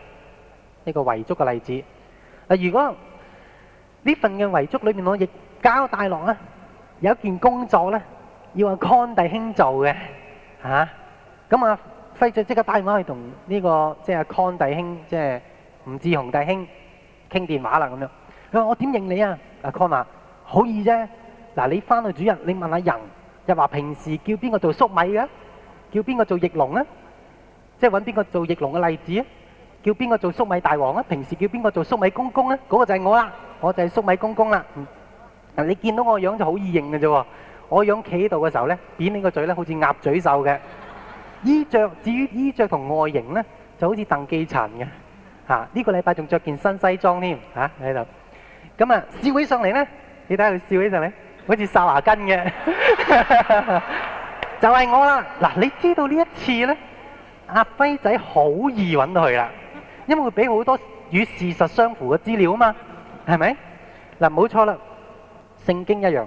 呢個遺囑嘅例子，嗱，如果呢份嘅遺囑裏面我亦交大郎啦，有一件工作咧要阿康弟兄做嘅嚇，咁阿輝仔即刻打電話去同呢個即係阿康弟兄，即係吳志雄弟兄傾電話啦咁樣。佢話：我點認你啊？阿康啊：好易啫。嗱，你翻去主人，你問下人，又話平時叫邊個做粟米嘅？叫邊個做翼龍咧？即係揾邊個做翼龍嘅例子啊？叫邊個做粟米大王啊？平時叫邊個做粟米公公咧？嗰個就係我啦，我就係粟米公公啦。嗱，你見到我個樣就好易認嘅啫喎，我個樣企喺度嘅時候咧，扁你個嘴咧，好似鴨嘴獸嘅；衣著至於衣著同外形咧，就好似鄧寄塵嘅。呢、啊呢個禮拜仲著件新西裝添嚇喺度。咁啊，笑起上嚟咧，你睇下佢笑起上嚟，好似哨牙根嘅。 就係我啦。嗱、啊，你知道呢一次咧，阿輝仔好易揾到佢啦，因為佢俾好多與事實相符嘅資料啊嘛，係咪？嗱、啊，冇錯啦。聖經一樣，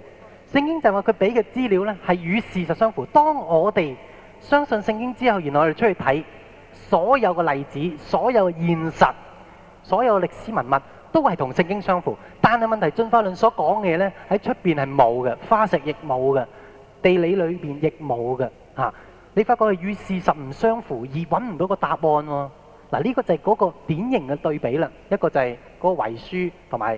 聖經就係話佢俾嘅資料呢係與事實相符。當我哋相信聖經之後，原來我哋出去睇所有嘅例子、所有現實、所有歷史文物，都係同聖經相符。但係問題進化論所講嘅嘢呢喺出邊係冇嘅，化石亦冇嘅，地理裏邊亦冇嘅。嚇，你發覺係與事實唔相符，而揾唔到個答案喎。嗱，呢個就係嗰個典型嘅對比啦。一個就係嗰遺書同埋。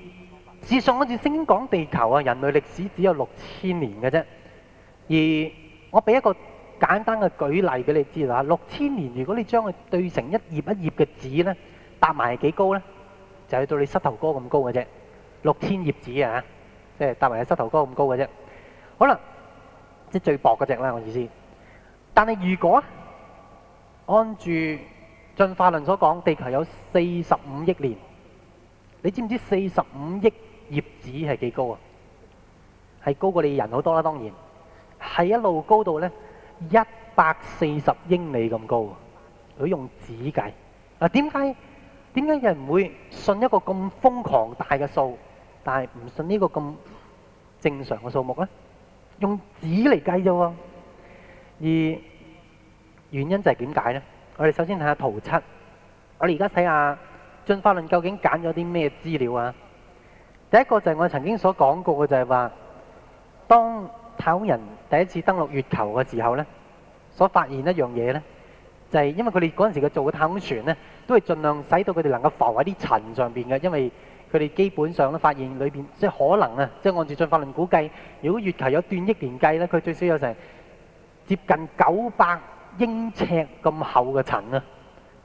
事實上好似星港地球啊，人類歷史只有六千年嘅啫。而我俾一個簡單嘅舉例俾你知啦，六千年如果你將佢對成一頁一頁嘅紙呢，搭埋係幾高呢？就係到你膝頭哥咁高嘅啫。六千頁紙啊，即係搭埋你膝頭哥咁高嘅啫。可能即係最薄嗰隻啦，我意思。但係如果按住進化論所講，地球有四十五億年，你知唔知四十五億？葉子係幾高啊？係高過你人好多啦，啊，當然係一路高到呢，一百四十英里咁高。佢用紙計啊？點解點解人唔會信一個咁瘋狂大嘅數，但係唔信呢個咁正常嘅數目呢？用紙嚟計啫喎。而原因就係點解呢？我哋首先睇下圖七。我哋而家睇下進化論究竟揀咗啲咩資料啊？第一個就係我曾經所講過嘅，就係話，當太空人第一次登陸月球嘅時候呢，所發現一樣嘢呢，就係因為佢哋嗰陣時做嘅太空船呢都係盡量使到佢哋能夠浮喺啲塵上邊嘅。因為佢哋基本上都發現裏邊即係可能啊，即係按照進化論估計，如果月球有段億年計呢，佢最少有成接近九百英尺咁厚嘅塵啊！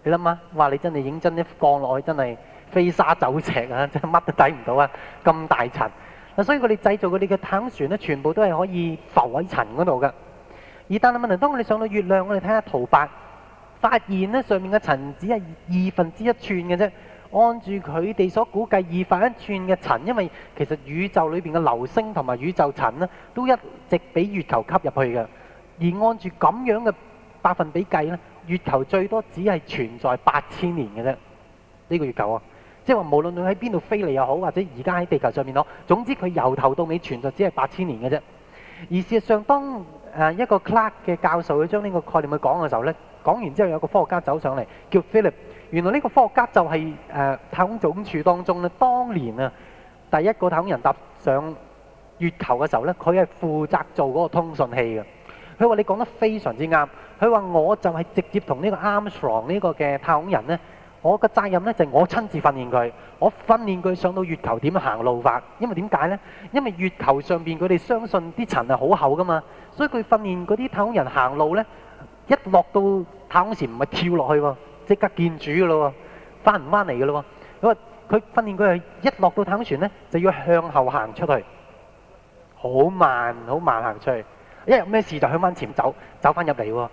你諗下，哇！你真係認真一降落去，真係～飛沙走石啊，真係乜都睇唔到啊！咁大塵，所以佢哋製造佢哋嘅坦船呢，全部都係可以浮喺塵嗰度嘅。而但係問題，當我哋上到月亮，我哋睇下圖八，發現呢，上面嘅塵只係二分之一寸嘅啫。按住佢哋所估計二分一寸嘅塵，因為其實宇宙裏邊嘅流星同埋宇宙塵呢，都一直俾月球吸入去嘅。而按住咁樣嘅百分比計呢，月球最多只係存在八千年嘅啫。呢個月球啊！即係話無論佢喺邊度飛嚟又好，或者而家喺地球上面囉，總之佢由頭到尾存在只係八千年嘅啫。而事實上，當一個 Clark 嘅教授去將呢個概念去講嘅時候呢，講完之後有一個科學家走上嚟，叫 Philip。原來呢個科學家就係、是呃、太空總署當中當年啊第一個太空人踏上月球嘅時候呢，佢係負責做嗰個通訊器嘅。佢話：你講得非常之啱。佢話：我就係直接同呢個 Armstrong 呢個嘅太空人呢。」我個責任呢，就係我親自訓練佢，我訓練佢上到月球點行路法。因為點解呢？因為月球上邊佢哋相信啲塵係好厚噶嘛，所以佢訓練嗰啲太空人行路呢，一落到太空船唔係跳落去喎，即刻見主噶咯，翻唔翻嚟噶咯。因為佢訓練佢係一落到太空船呢，就要向後行出去，好慢好慢行出去，一有咩事就向翻前走，走翻入嚟喎。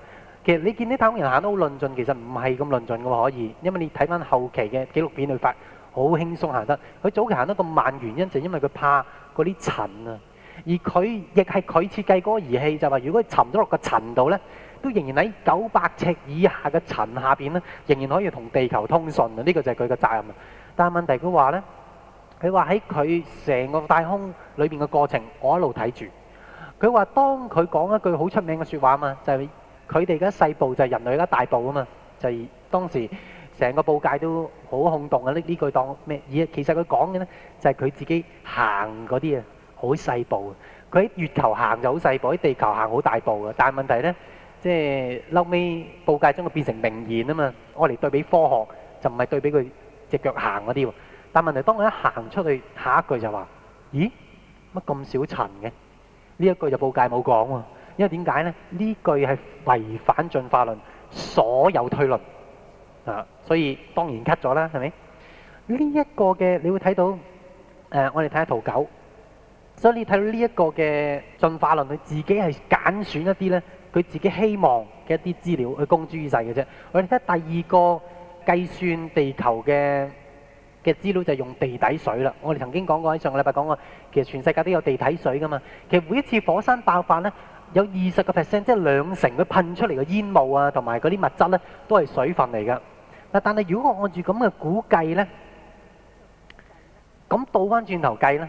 其實你見啲太空人行得好論盡，其實唔係咁論盡嘅喎，可以，因為你睇翻後期嘅紀錄片去發，好輕鬆行得。佢早期行得咁慢，原因就因為佢怕嗰啲塵啊。而佢亦係佢設計嗰個儀器，就話如果沉咗落個塵度咧，都仍然喺九百尺以下嘅塵下邊咧，仍然可以同地球通訊啊。呢個就係佢嘅責任啊。但係問題佢話咧，佢話喺佢成個太空裏面嘅過程，我一路睇住。佢話當佢講一句好出名嘅説話啊嘛，就係。佢哋而家細步就係人類而家大步啊嘛，就係當時成個報界都好轟動啊！呢呢句當咩？咦，其實佢講嘅咧就係佢自己行嗰啲啊，好細步。佢喺月球行就好細步，喺地球行好大步嘅。但係問題咧，即係後尾報界將佢變成名言啊嘛，愛嚟對比科學就唔係對比佢隻腳行嗰啲。但係問題當佢一行出去，下一句就話：咦，乜咁少塵嘅？呢一句就報界冇講喎。因為點解呢？呢句係違反進化論所有推論啊，所以當然 cut 咗啦，係咪？呢、這、一個嘅，你會睇到、呃、我哋睇下圖九，所以你睇到呢一個嘅進化論，佢自己係揀選一啲呢，佢自己希望嘅一啲資料去公諸於世嘅啫。我哋睇下第二個計算地球嘅嘅資料，就係用地底水啦。我哋曾經講過喺上個禮拜講過，其實全世界都有地底水噶嘛。其實每一次火山爆發呢。有二十個 percent，即係兩成，佢噴出嚟嘅煙霧啊，同埋嗰啲物質咧，都係水分嚟㗎。嗱，但係如果我按住咁嘅估計咧，咁倒翻轉頭計咧，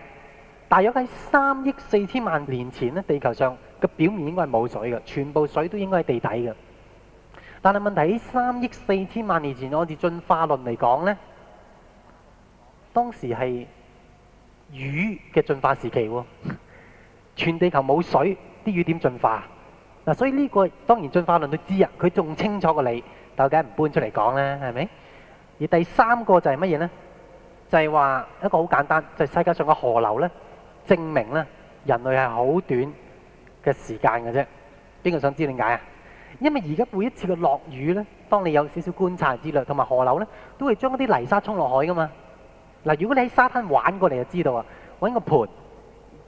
大約喺三億四千萬年前咧，地球上嘅表面應該係冇水嘅，全部水都應該係地底嘅。但係問題喺三億四千萬年前，我哋進化論嚟講咧，當時係魚嘅進化時期喎，全地球冇水。啲雨點進化嗱，所以呢個當然進化論都知啊，佢仲清楚過你，但係梗係唔搬出嚟講啦，係咪？而第三個就係乜嘢呢？就係話一個好簡單，就係世界上嘅河流呢，證明呢人類係好短嘅時間嘅啫。邊個想知點解啊？因為而家每一次嘅落雨呢，當你有少少觀察之類，同埋河流呢，都會將一啲泥沙沖落海噶嘛。嗱，如果你喺沙灘玩過你就知道啊，揾個盆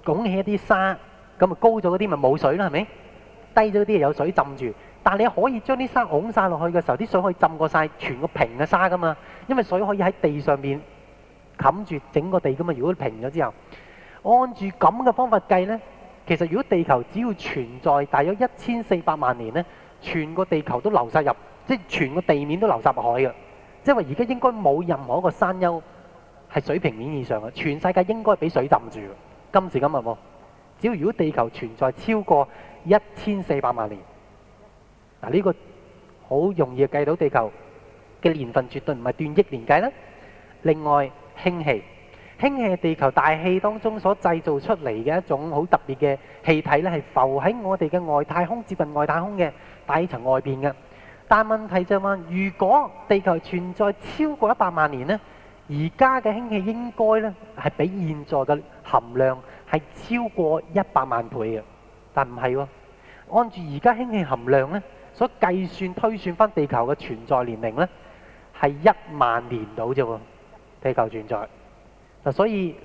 拱起一啲沙。咁咪高咗啲咪冇水啦，係咪？低咗啲有水浸住。但係你可以將啲沙拱晒落去嘅時候，啲水可以浸過晒，全個平嘅沙噶嘛。因為水可以喺地上面冚住整個地噶嘛。如果平咗之後，按住咁嘅方法計呢，其實如果地球只要存在大約一千四百萬年呢，全個地球都流失入，即係全個地面都流失入海嘅。即係話而家應該冇任何一個山丘係水平面以上嘅，全世界應該俾水浸住。今時今日喎。只要如果地球存在超過一千四百萬年，嗱呢個好容易計到地球嘅年份絕對唔係斷億年計啦。另外，氫氣，氫氣係地球大氣當中所製造出嚟嘅一種好特別嘅氣體咧，係浮喺我哋嘅外太空接近外太空嘅大氣層外邊嘅。但問題就係，如果地球存在超過一百萬年咧，而家嘅氫氣應該咧係比現在嘅含量。係超過一百萬倍嘅，但唔係喎。按住而家氫氣含量呢，所計算推算翻地球嘅存在年齡呢，係一萬年到啫喎。地球存在，所以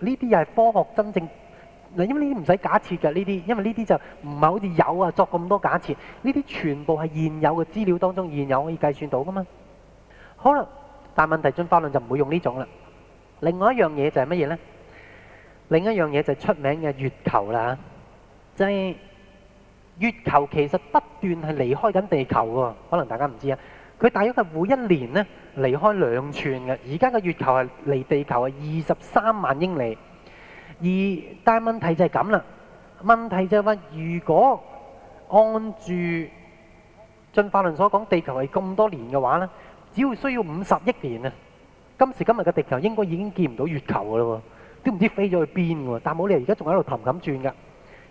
呢啲又係科學真正嗱，因為呢啲唔使假設嘅呢啲，因為呢啲就唔係好似有啊作咁多假設，呢啲全部係現有嘅資料當中現有可以計算到噶嘛。好啦，但係問題進化論就唔會用呢種啦。另外一樣嘢就係乜嘢呢？另一樣嘢就係出名嘅月球啦，就係月球其實不斷係離開緊地球喎。可能大家唔知啊，佢大約係每一年呢離開兩寸嘅。而家嘅月球係離地球係二十三萬英里，而但問題就係咁啦。問題就係話，如果按住進化論所講，地球係咁多年嘅話呢，只要需要五十億年啊，今時今日嘅地球應該已經見唔到月球噶咯喎。都唔知飛咗去邊喎，但冇理由而家仲喺度氹咁轉㗎。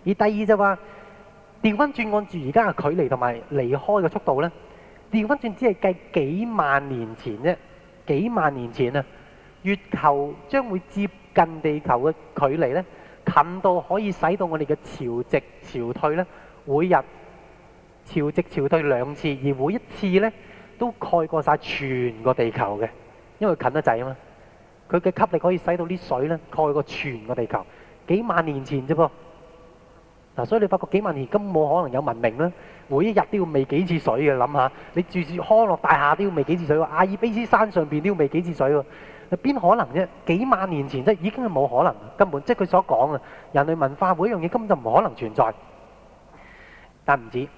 而第二就話，調翻轉按住而家嘅距離同埋離開嘅速度呢，調翻轉只係計幾萬年前啫。幾萬年前啊，月球將會接近地球嘅距離呢，近到可以使到我哋嘅潮汐潮退呢，每日潮汐潮退兩次，而每一次呢，都蓋過曬全個地球嘅，因為近得滯啊嘛。佢嘅吸力可以使到啲水呢，蓋過全個地球，幾萬年前啫噃。嗱，所以你發覺幾萬年根本冇可能有文明啦。每一日都要未幾次水嘅，諗下你住住康樂大廈都要未幾次水喎，阿爾卑斯山上邊都要未幾次水喎，邊可能啫？幾萬年前即係已經係冇可能，根本即係佢所講嘅人類文化，每一樣嘢根本就唔可能存在。但唔止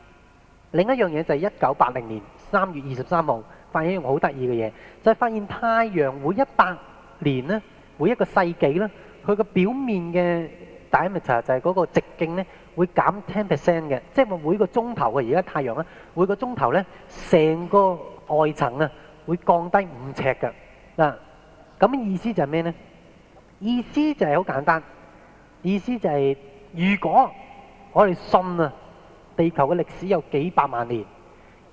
另一樣嘢，就係一九八零年三月二十三號發現一樣好得意嘅嘢，就係發現太陽會一百年呢，每一個世紀呢，佢個表面嘅 diameter 就係嗰個直徑呢，會減 ten percent 嘅，即係話每個鐘頭嘅，而家太陽咧，每個鐘頭呢，成個外層啊，會降低五尺嘅。嗱，咁嘅意思就係咩呢？意思就係好簡單，意思就係如果我哋信啊，地球嘅歷史有幾百萬年，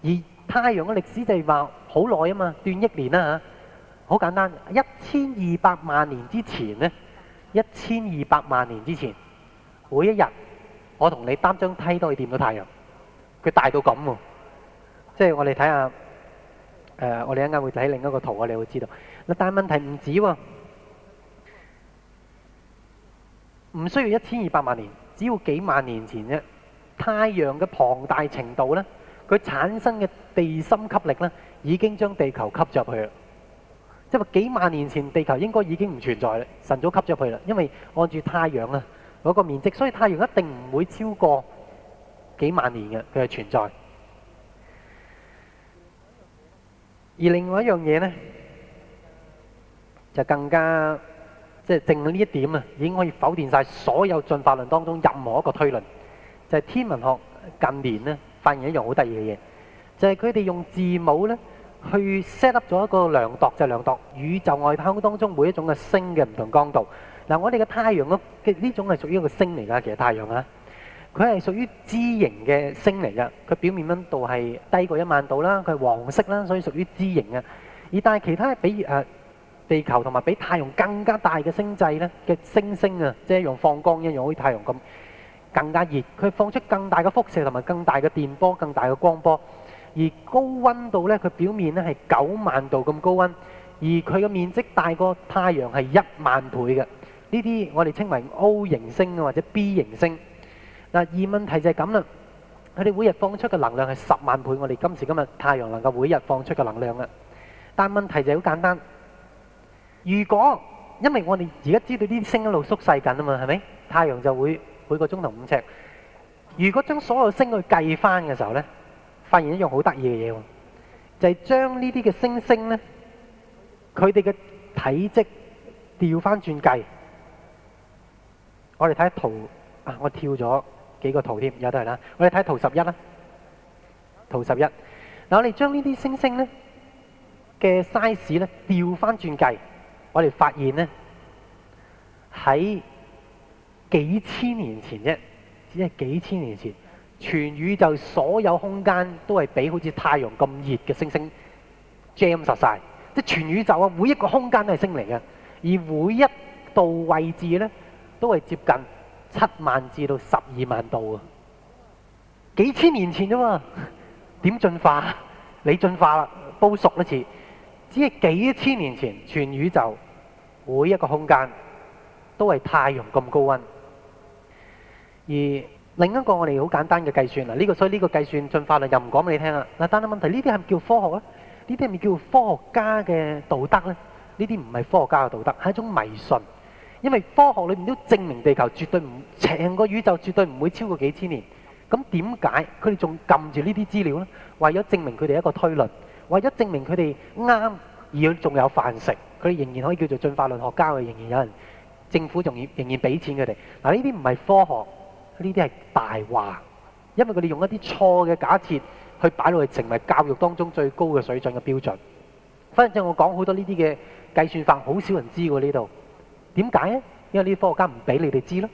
而太陽嘅歷史就係話好耐啊嘛，段億年啦嚇。好簡單，一千二百萬年之前呢，一千二百萬年之前，每一日我同你擔張梯都可以掂到太陽，佢大到咁喎，哦。即係我哋睇下，呃、我哋一陣會睇另一個圖，我哋會知道。但係問題唔止喎，哦，唔需要一千二百萬年，只要幾萬年前啫。太陽嘅龐大程度呢，佢產生嘅地心吸力呢已經將地球吸入去。即係幾萬年前，地球應該已經唔存在啦，晨早吸咗佢啦。因為按住太陽啊嗰個面積，所以太陽一定唔會超過幾萬年嘅，佢係存在。而另外一樣嘢咧，就更加即係證明呢一點啊，已經可以否定晒所有進化論當中任何一個推論。就係天文學近年咧發現一樣好得意嘅嘢，就係佢哋用字母咧。去 set up 咗一個量度，就係量度宇宙外太空當中每一種嘅星嘅唔同光度。嗱，我哋嘅太陽嘅呢種係屬於一個星嚟㗎，其實太陽啊，佢係屬於 G 型嘅星嚟㗎，佢表面温度係低過一萬度啦，佢係黃色啦，所以屬於 G 型啊。而但係其他比誒地球同埋比太陽更加大嘅星際呢嘅星星啊，即係用放光一樣，好似太陽咁更加熱，佢放出更大嘅輻射同埋更大嘅電波、更大嘅光波。而高温度咧，佢表面咧係九萬度咁高溫，而佢嘅面積大過太陽係一萬倍嘅。呢啲我哋稱為 O 型星或者 B 型星。嗱，而問題就係咁啦，佢哋每日放出嘅能量係十萬倍我哋今時今日太陽能夠每日放出嘅能量啦。但問題就好簡單，如果因為我哋而家知道啲星一路縮細緊啊嘛，係咪？太陽就會每個鐘頭五尺。如果將所有星去計返嘅時候咧？發現一樣好得意嘅嘢喎，就係、是、將呢啲嘅星星咧，佢哋嘅體積調翻轉計。我哋睇圖啊，我跳咗幾個圖添，有家都係啦。我哋睇圖十一啦，圖十一。嗱，我哋將呢啲星星咧嘅 size 咧調翻轉計，我哋發現咧喺幾千年前啫，只係幾千年前。全宇宙所有空間都係比好似太陽咁熱嘅星星 jam 實曬，即係全宇宙啊！每一個空間都係星嚟嘅，而每一度位置呢，都係接近七萬至到十二萬度啊！幾千年前啫嘛，點進化？你進化啦，煲熟一次，只係幾千年前，全宇宙每一個空間都係太陽咁高溫，而另一個我哋好簡單嘅計算嗱，呢個所以呢個計算進化論又唔講俾你聽啦。嗱，但係問題呢啲係咪叫科學咧？呢啲係咪叫科學家嘅道德咧？呢啲唔係科學家嘅道德，係一種迷信。因為科學裏面都證明地球絕對唔成個宇宙絕對唔會超過幾千年。咁點解佢哋仲撳住呢啲資料咧？為咗證明佢哋一個推論，為咗證明佢哋啱而仲有飯食，佢哋仍然可以叫做進化論學家，佢哋仍然有人政府仲要仍然俾錢佢哋。嗱，呢啲唔係科學。呢啲係大話，因為佢哋用一啲錯嘅假設去擺落去成為教育當中最高嘅水準嘅標準。反正我講好多呢啲嘅計算法，好少人知喎呢度。點解咧？因為呢啲科學家唔俾你哋知咯。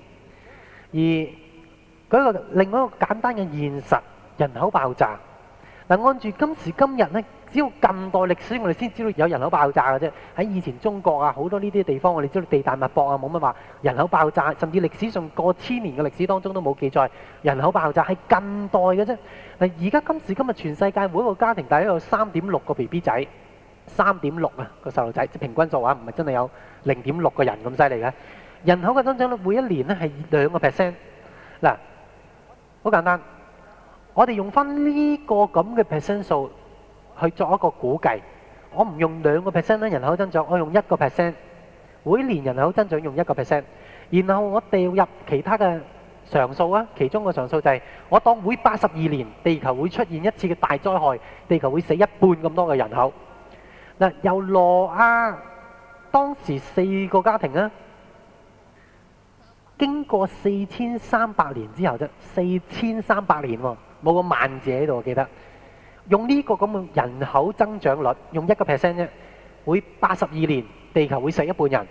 而嗰個另外一個簡單嘅現實，人口爆炸。嗱，按住今時今日呢。只要近代歷史，我哋先知道有人口爆炸嘅啫。喺以前中國啊，好多呢啲地方，我哋知道地大物博啊，冇乜話人口爆炸。甚至歷史上過千年嘅歷史當中都冇記載人口爆炸，係近代嘅啫。嗱，而家今時今日，全世界每一個家庭大約有三點六個 BB 仔，三點六啊個細路仔，即係平均數啊，唔係真係有零點六個人咁犀利嘅。人口嘅增長率每一年咧係兩個 percent。嗱，好簡單，我哋用翻呢個咁嘅 percent 數。去作一個估計，我唔用兩個 percent 咧，人口增長，我用一個 percent，每年人口增長用一個 percent，然後我掉入其他嘅常數啊，其中個常數就係我當每八十二年地球會出現一次嘅大災害，地球會死一半咁多嘅人口。嗱，由羅亞當時四個家庭啊，經過四千三百年之後啫，四千三百年冇個萬字喺度，我記得。用呢個咁嘅人口增長率，用一個 percent 啫，會八十二年地球會剩一半人。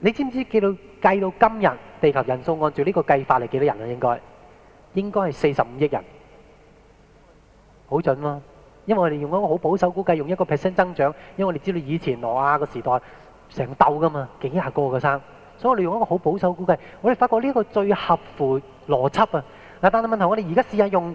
你知唔知計到計到今日地球人數按照呢個計法嚟幾多人啊？應該應該係四十五億人，好準咯。因為我哋用一個好保守估計，用一個 percent 增長。因為我哋知道以前挪亞個時代成鬥噶嘛，幾廿個個生，所以我哋用一個好保守估計。我哋發覺呢個最合乎邏輯啊。嗱，但係問題我哋而家試下用。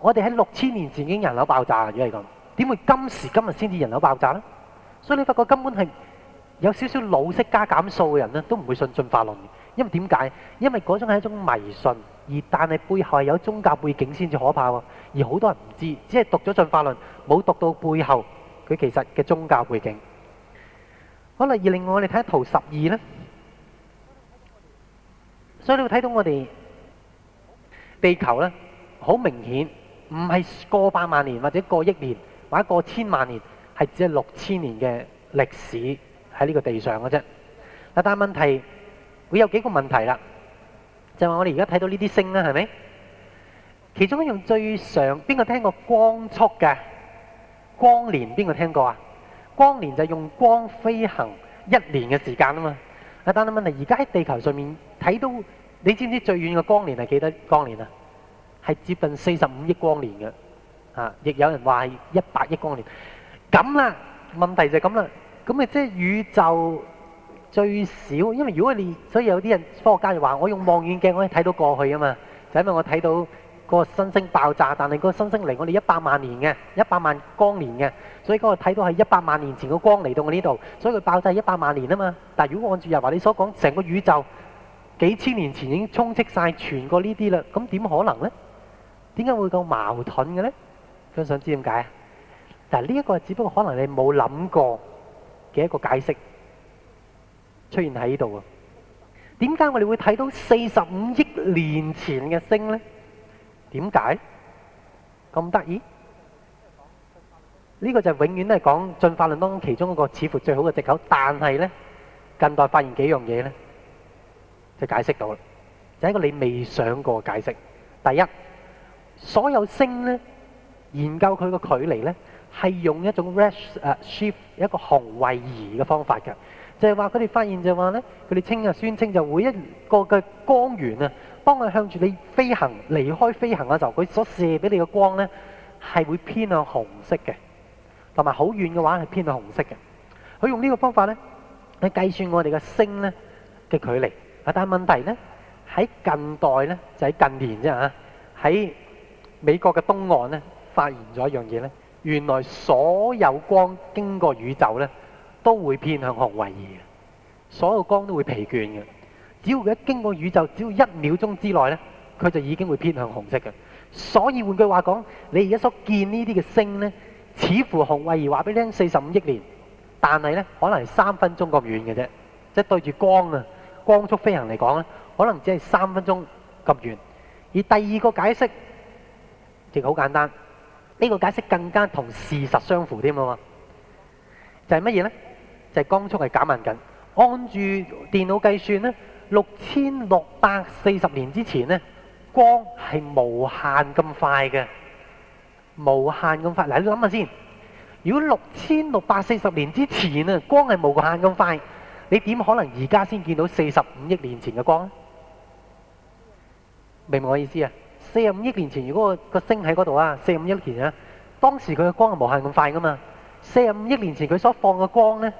我哋喺六千年前已經人口爆炸，如果係咁點會今時今日先至人口爆炸呢？所以你發覺根本係有少少老式加減數嘅人呢，都唔會信進化論。因為點解？因為嗰種係一種迷信，而但係背後係有宗教背景先至可怕。而好多人唔知，只係讀咗進化論，冇讀到背後佢其實嘅宗教背景。好啦，而另外我哋睇圖十二呢，所以你會睇到我哋地球呢，好明顯。唔係過百萬年或者過億年或者過千萬年，係只係六千年嘅歷史喺呢個地上嘅啫。但問題會有幾個問題啦，就係我哋而家睇到呢啲星啦，係咪？其中用最常邊個聽過光速嘅？光年邊個聽過啊？光年就係用光飛行一年嘅時間啊嘛。但係問題而家喺地球上面睇到，你知唔知最遠嘅光年係幾多光年啊？係接近四十五億光年嘅，啊，亦有人話係一百億光年。咁啦，問題就係咁啦。咁啊，即係宇宙最少，因為如果你所以有啲人科學家就話：我用望遠鏡可以睇到過去啊嘛。就因為我睇到個新星爆炸，但係個新星嚟我哋一百萬年嘅，一百萬光年嘅，所以嗰個睇到係一百萬年前個光嚟到我呢度，所以佢爆炸係一百萬年啊嘛。但係如果按照日華你所講，成個宇宙幾千年前已經充斥晒全個呢啲啦，咁點可能呢？點解會咁矛盾嘅咧？佢想知點解啊！但係呢一個只不過可能你冇諗過嘅一個解釋出現喺呢度啊！點解我哋會睇到四十五億年前嘅星咧？點解咁得意？呢個就永遠都係講進化論當中其中一個似乎最好嘅借口。但係咧，近代發現幾樣嘢咧，就解釋到啦，就係一個你未想過嘅解釋。第一。所有星咧，研究佢個距離咧，係用一種 redshift、uh, 一個紅位移嘅方法嘅，就係話佢哋發現就話咧，佢哋稱啊宣稱就每一個嘅光源啊，當佢向住你飛行離開飛行嘅時候，佢所射俾你嘅光咧，係會偏向紅色嘅，同埋好遠嘅話係偏向紅色嘅。佢用呢個方法咧，去計算我哋嘅星咧嘅距離。但係問題咧喺近代咧，就喺近年啫嚇，喺。美國嘅東岸呢，發現咗一樣嘢呢，原來所有光經過宇宙呢，都會偏向紅位移嘅。所有光都會疲倦嘅。只要佢一經過宇宙，只要一秒鐘之內呢，佢就已經會偏向紅色嘅。所以換句話講，你而家所見呢啲嘅星呢，似乎紅位移話俾你聽四十五億年，但係呢，可能係三分鐘咁遠嘅啫。即係對住光啊，光速飛行嚟講呢，可能只係三分鐘咁遠。而第二個解釋，就好簡單，呢個解釋更加同事實相符添啊嘛。就係乜嘢呢？就係光速係減慢緊。按住電腦計算呢，六千六百四十年之前呢，光係無限咁快嘅，無限咁快。嗱，你諗下先。如果六千六百四十年之前啊，光係無限咁快，你點可能而家先見到四十五億年前嘅光呢？明唔明我意思啊？四十五億年前，如果個個星喺嗰度啊，四十五億年啊，當時佢嘅光係無限咁快㗎嘛？四十五億年前佢所放嘅光呢，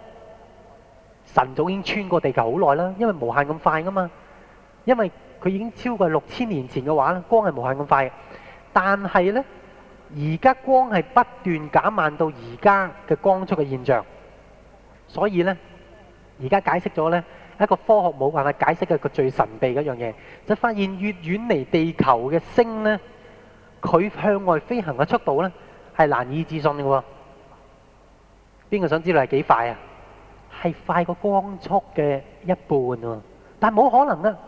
神早已經穿過地球好耐啦，因為無限咁快㗎嘛。因為佢已經超過六千年前嘅話咧，光係無限咁快。但係呢，而家光係不斷減慢到而家嘅光速嘅現象，所以呢，而家解釋咗呢。一個科學冇辦法解釋嘅個最神秘嗰樣嘢，就發現越遠離地球嘅星呢，佢向外飛行嘅速度呢，係難以置信嘅。邊個想知道係幾快啊？係快過光速嘅一半，但係冇可能啊！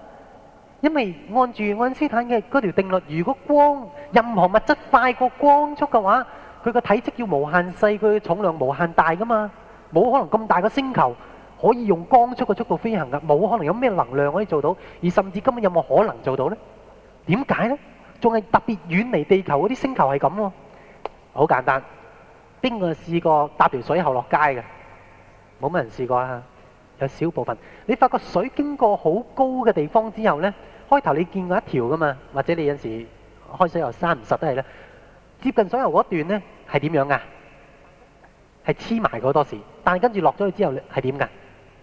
因為按住愛因斯坦嘅嗰條定律，如果光任何物質快過光速嘅話，佢個體積要無限細，佢嘅重量無限大噶嘛，冇可能咁大個星球。可以用光速嘅速度飛行嘅，冇可能有咩能量可以做到，而甚至根本有冇可能做到咧？點解咧？仲係特別遠離地球嗰啲星球係咁喎？好簡單，邊個試過搭條水喉落街嘅？冇乜人試過啊，有少部分。你發覺水經過好高嘅地方之後咧，開頭你見過一條噶嘛？或者你有時開水喉閂唔實都係咧。接近水喉嗰段咧係點樣㗎？係黐埋好多時，但係跟住落咗去之後係點㗎？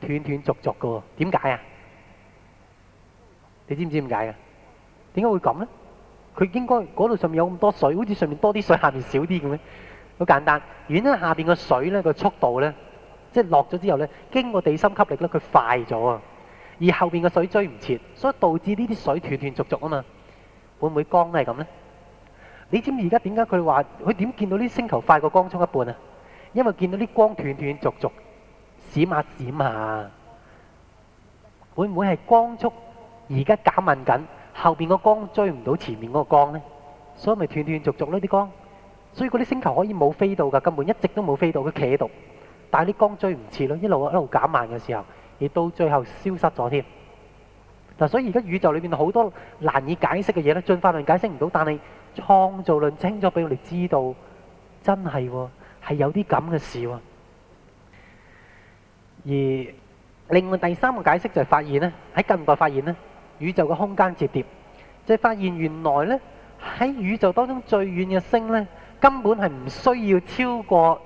斷斷續續噶，點解啊？你知唔知點解啊？點解會咁咧？佢應該嗰度上面有咁多水，好似上面多啲水，下邊少啲咁咧？好簡單，原因下邊個水咧個速度咧，即係落咗之後咧，經過地心吸力咧，佢快咗啊！而後邊個水追唔切，所以導致呢啲水斷斷續續啊嘛。會唔會光都係咁咧？你知唔知而家點解佢話佢點見到啲星球快過光速一半啊？因為見到啲光斷斷續續。閃下閃下！會唔會係光速而家減慢緊？後邊個光追唔到前面嗰個光咧，所以咪斷斷續續咯啲光。所以嗰啲星球可以冇飛到噶，根本一直都冇飛到，佢企喺度，但係啲光追唔切咯，一路一路減慢嘅時候，亦到最後消失咗添。嗱，所以而家宇宙裏面好多難以解釋嘅嘢咧，進化論解釋唔到，但係創造論清咗俾我哋知道，真係係有啲咁嘅事喎。而另外第三個解釋就係發現呢，喺近代發現呢，宇宙嘅空間折疊，即係發現原來呢喺宇宙當中最遠嘅星呢，根本係唔需要超過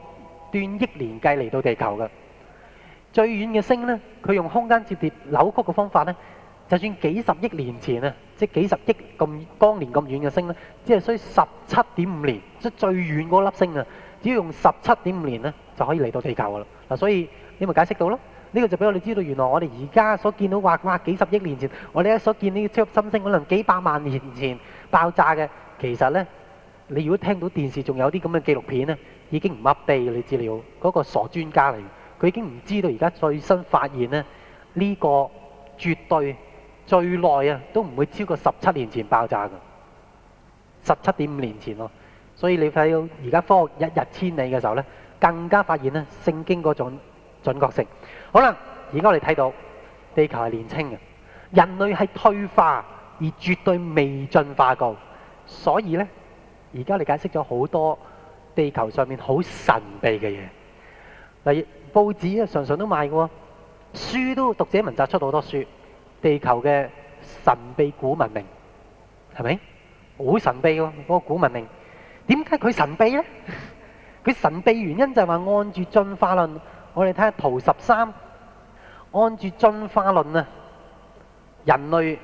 段億年計嚟到地球嘅。最遠嘅星呢，佢用空間折疊扭曲嘅方法呢，就算幾十億年前啊，即係幾十億咁光年咁遠嘅星呢，只係需十七點五年，即係最遠嗰粒星啊，只要用十七點五年呢就可以嚟到地球噶啦，嗱，所以。你咪解釋到咯？呢個就俾我哋知道，原來我哋而家所見到話哇幾十億年前，我哋咧所見呢超級新星可能幾百萬年前爆炸嘅，其實咧你如果聽到電視仲有啲咁嘅紀錄片咧，已經唔 update 㗎喇，你知啦。嗰個傻專家嚟，佢已經唔知道而家最新發現咧呢個絕對最耐啊，都唔會超過十七年前爆炸嘅，十七點五年前咯。所以你睇到而家科學一日千里嘅時候咧，更加發現咧聖經嗰種。準確性，好啦，而家我哋睇到地球係年青嘅，人類係退化而絕對未進化過，所以呢，而家你解釋咗好多地球上面好神秘嘅嘢。例如，報紙啊，常常都賣過，書都讀者文摘出好多書，地球嘅神秘古文明係咪好神秘喎？嗰、嗰個古文明點解佢神秘呢？佢神秘原因就係話按住進化論。我哋睇下圖十三，按住進化論啊，人類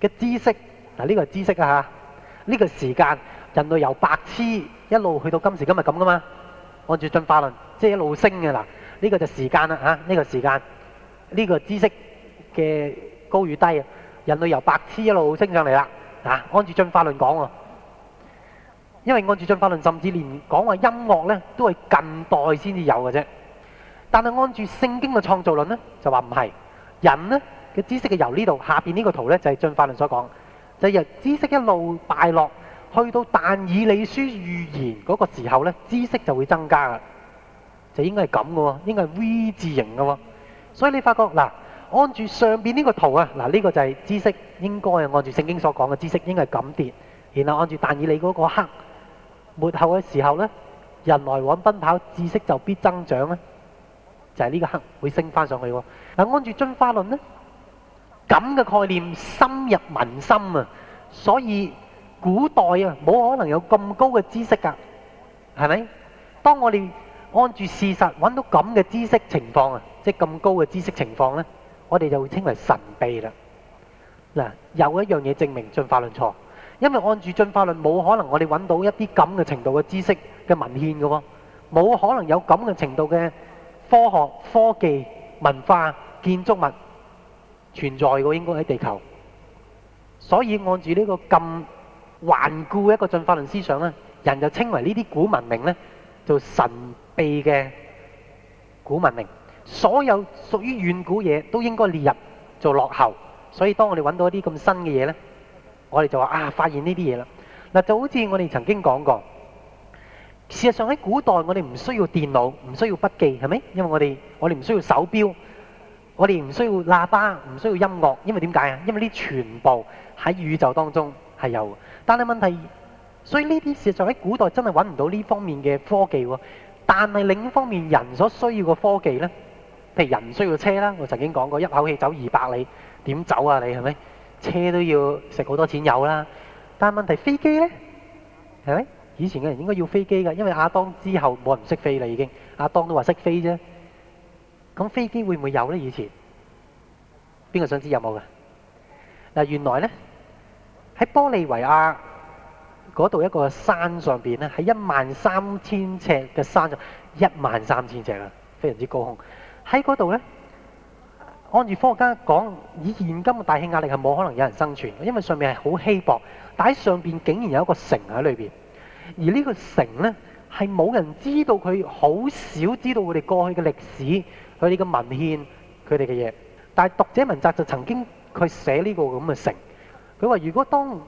嘅知識，嗱呢個係知識啊，呢個時間人類由白痴一路去到今時今日咁噶嘛，按住進化論即係一路升嘅喇，呢個就時間啦嚇，呢個時間呢個知識嘅高與低，人類由白痴一路升上嚟啦嚇，按住進化論講喎啊，因為按住進化論，甚至連講話音樂呢，都係近代先至有嘅啫。但係按住聖經嘅創造論咧，就話唔係人咧嘅知識由呢度，下邊呢個圖咧就係、是、進化論所講，就係由知識一路敗落去到但以理書預言嗰個時候咧，知識就會增加㗎，就應該係咁嘅喎，應該係 V 字形嘅喎。所以你發覺嗱，按住上面呢個圖啊，嗱呢個就係知識應該係按住聖經所講嘅知識應該係咁跌，然後按住但以理嗰個黑末後嘅時候咧，人來往奔跑，知識就必增長呢就係呢個刻會升翻上去喎。嗱，按住進化論呢，咁嘅概念深入民心啊，所以古代啊冇可能有咁高嘅知識噶，係咪？當我哋按住事實揾到咁嘅知識情況啊，即係咁高嘅知識情況呢，我哋就會稱為神秘啦。嗱，有一樣嘢證明進化論錯，因為按住進化論冇可能我哋揾到一啲咁嘅程度嘅知識嘅文獻嘅喎，冇可能有咁嘅程度嘅。科學、科技、文化、建築物存在嘅，應該喺地球。所以按照呢個咁頑固嘅一個進化論思想咧，人就稱為呢啲古文明咧，做神秘嘅古文明。所有屬於遠古嘢都應該列入做落後。所以當我哋揾到一啲咁新嘅嘢咧，我哋就話啊，發現呢啲嘢啦。嗱就好似我哋曾經講過。事實上喺古代，我哋唔需要電腦，唔需要筆記，係咪？因為我哋我哋唔需要手錶，我哋唔需要喇叭，唔需要音樂，因為點解啊？因為呢全部喺宇宙當中係有嘅。但係問題，所以呢啲事實上喺古代真係揾唔到呢方面嘅科技喎。但係另一方面，人所需要嘅科技呢，譬如人需要車啦，我曾經講過，一口氣走二百里，點走啊？你係咪？車都要食好多錢油啦。但係問題飛機呢，係咪？以前嘅人應該要飛機㗎，因為亞當之後冇人識飛啦，已經。亞當都話識飛啫。咁飛機會唔會有呢？以前邊個想知有冇㗎？嗱，原來呢喺玻利維亞嗰度一個山上邊呢，喺一萬三千尺嘅山上，一萬三千尺啊，非常之高空。喺嗰度呢，按住科學家講，以現今嘅大氣壓力係冇可能有人生存，因為上面係好稀薄。但喺上邊竟然有一個城喺裏邊。而呢個城呢，係冇人知道佢，好少知道佢哋過去嘅歷史，佢哋嘅文獻，佢哋嘅嘢。但係讀者文摘就曾經佢寫呢個咁嘅城，佢話：如果當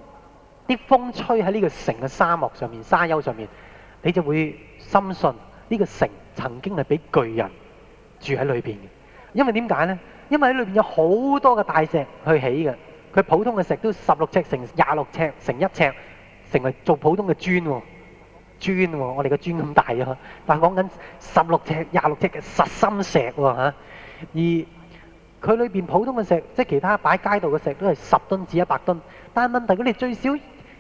啲風吹喺呢個城嘅沙漠上面、沙丘上面，你就會深信呢個城曾經係俾巨人住喺裏邊嘅。因為點解呢？因為喺裏邊有好多嘅大石去起嘅，佢普通嘅石都十六尺乘廿六尺乘一尺，成為做普通嘅磚喎。磚喎，我哋個磚咁大啊！但係講緊十六尺、廿六尺嘅實心石喎嚇。而佢裏邊普通嘅石，即係其他擺街度嘅石，都係十噸至一百噸。但係問題，佢哋最少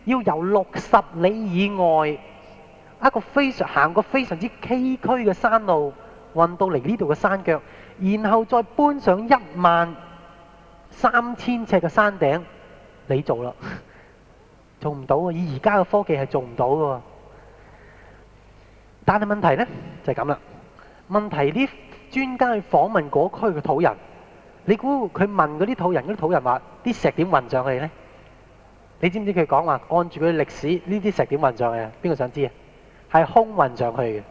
要由六十里以外，一個非常行過非常之崎嶇嘅山路，運到嚟呢度嘅山腳，然後再搬上一萬三千尺嘅山頂，你做啦，做唔到啊！以而家嘅科技係做唔到嘅。但係問題咧就係咁啦。問題咧專家去訪問嗰區嘅土人，你估佢問嗰啲土人，嗰啲土人話啲石點運上去咧？你知唔知佢講話按住佢歷史，呢啲石點運上去？邊個想知啊？係空運上去嘅，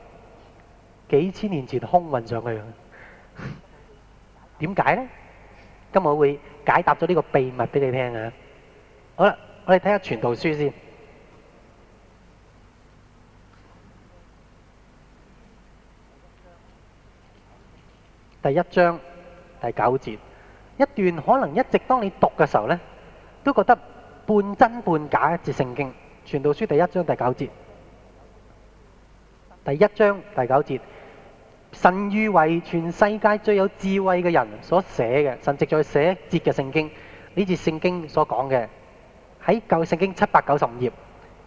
幾千年前空運上去嘅。點解咧？今日會解答咗呢個秘密俾你聽啊！好啦，我哋睇下傳道書先。第一章第九節，一段可能一直當你讀嘅時候咧，都覺得半真半假一節聖經。傳道書第一章第九節，第一章第九節，神譽為全世界最有智慧嘅人所寫嘅，神藉在寫節嘅聖經呢節聖經所講嘅，喺舊聖經七百九十五頁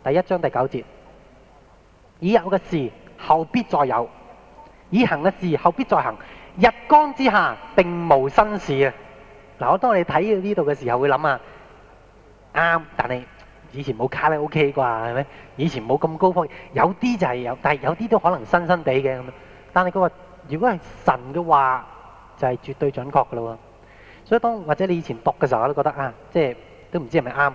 第一章第九節，已有嘅事後必再有，已行嘅事後必再行，日光之下並無新事啊！嗱，我當你睇到呢度嘅時候，會諗啊，啱，但係以前冇卡拉 OK 啩，係咪？以前冇咁高科技，有啲就係有，但係有啲都可能新新地嘅咁。但係佢話，如果係神嘅話，就係絕對準確嘅咯。所以當或者你以前讀嘅時候，我都覺得啊，即係都唔知係咪啱。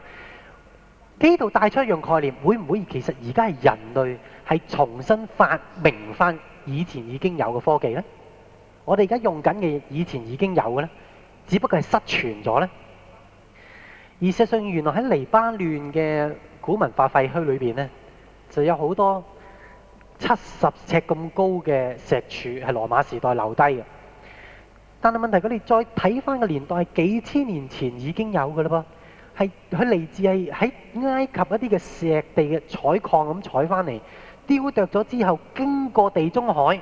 呢度帶出一樣概念，會唔會其實而家係人類係重新發明翻以前已經有嘅科技呢？我哋而家用緊嘅，以前已經有嘅咧，只不過係失傳咗呢，而實上，原來喺黎巴嫩嘅古文化廢墟裏邊呢，就有好多七十尺咁高嘅石柱係羅馬時代留低嘅。但係問題係，佢哋再睇翻個年代，係幾千年前已經有嘅嘞噃，係佢嚟自係喺埃及一啲嘅石地嘅採礦咁採翻嚟，雕琢咗之後，經過地中海。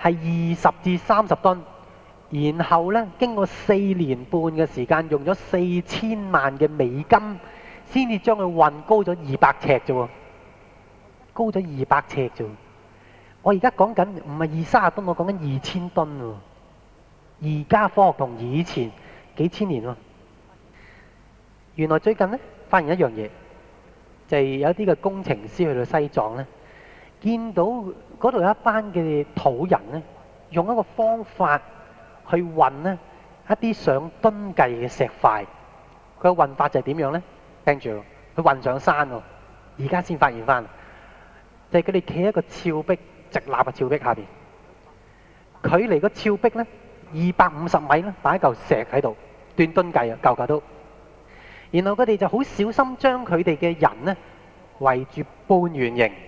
係二十至三十噸，然後呢經過四年半嘅時間，用咗四千萬嘅美金，先至將佢運高咗二百尺啫，高咗二百尺啫。我而家講緊唔係二三十噸，我講緊二千噸。而家科學同以前幾千年咯。原來最近呢，發現一樣嘢，就係有啲嘅工程師去到西藏呢。見到嗰度有一班嘅土人咧，用一個方法去運咧一啲上噸計嘅石塊。佢嘅運法就係點樣咧？聽住，佢運上山喎。而家先發現翻，就係佢哋企喺一個峭壁直立嘅峭壁下邊，距離個峭壁咧二百五十米啦，擺一嚿石喺度，斷噸計啊，嚿嚿都。然後佢哋就好小心將佢哋嘅人咧圍住半圓形。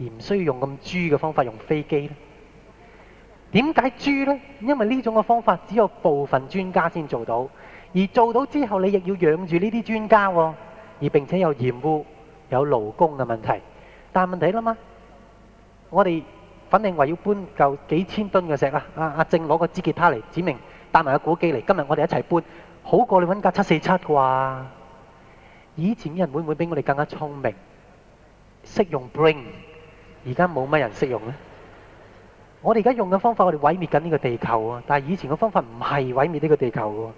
而唔需要用咁豬嘅方法用飛機呢？點解豬呢？因為呢種嘅方法只有部分專家先做到，而做到之後你亦要養住呢啲專家喎，而並且有污染、有勞工嘅問題。但問題啦嘛，我哋反正話要搬嚿幾千噸嘅石啊！阿阿正攞個支吉他嚟指明，帶埋個鼓機嚟，今日我哋一齊搬，好過你揾架七四七啩？以前嘅人會唔會比我哋更加聰明？識用 bring？而家冇乜人識用呢。我哋而家用嘅方法，我哋毀滅緊呢個地球啊。但係以前嘅方法唔係毀滅呢個地球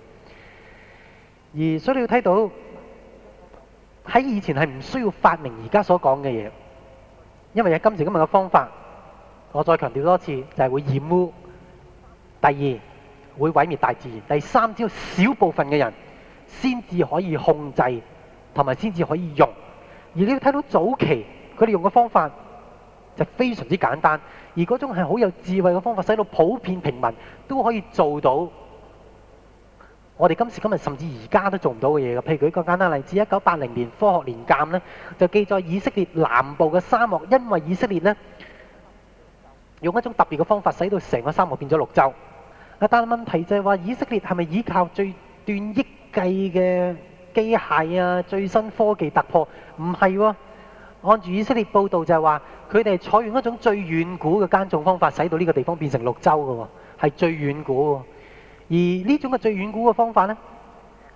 嘅，而所以你要睇到喺以前係唔需要發明而家所講嘅嘢，因為有今時今日嘅方法。我再強調多次，就係會染污，第二會毀滅大自然。第三，只有小部分嘅人先至可以控制同埋先至可以用。而你要睇到早期佢哋用嘅方法。就非常之簡單，而嗰種係好有智慧嘅方法，使到普遍平民都可以做到。我哋今時今日甚至而家都做唔到嘅嘢㗎。譬如舉個簡單例子，一九八零年《科學年鑑》呢，就記載以色列南部嘅沙漠，因為以色列呢，用一種特別嘅方法，使到成個沙漠變咗綠洲。但係問題就係話以色列係咪依靠最斷億計嘅機械啊、最新科技突破？唔係喎。按住以色列報道就係話，佢哋採用一種最遠古嘅耕種方法，使到呢個地方變成綠洲嘅喎，係最遠古的。而呢種嘅最遠古嘅方法呢，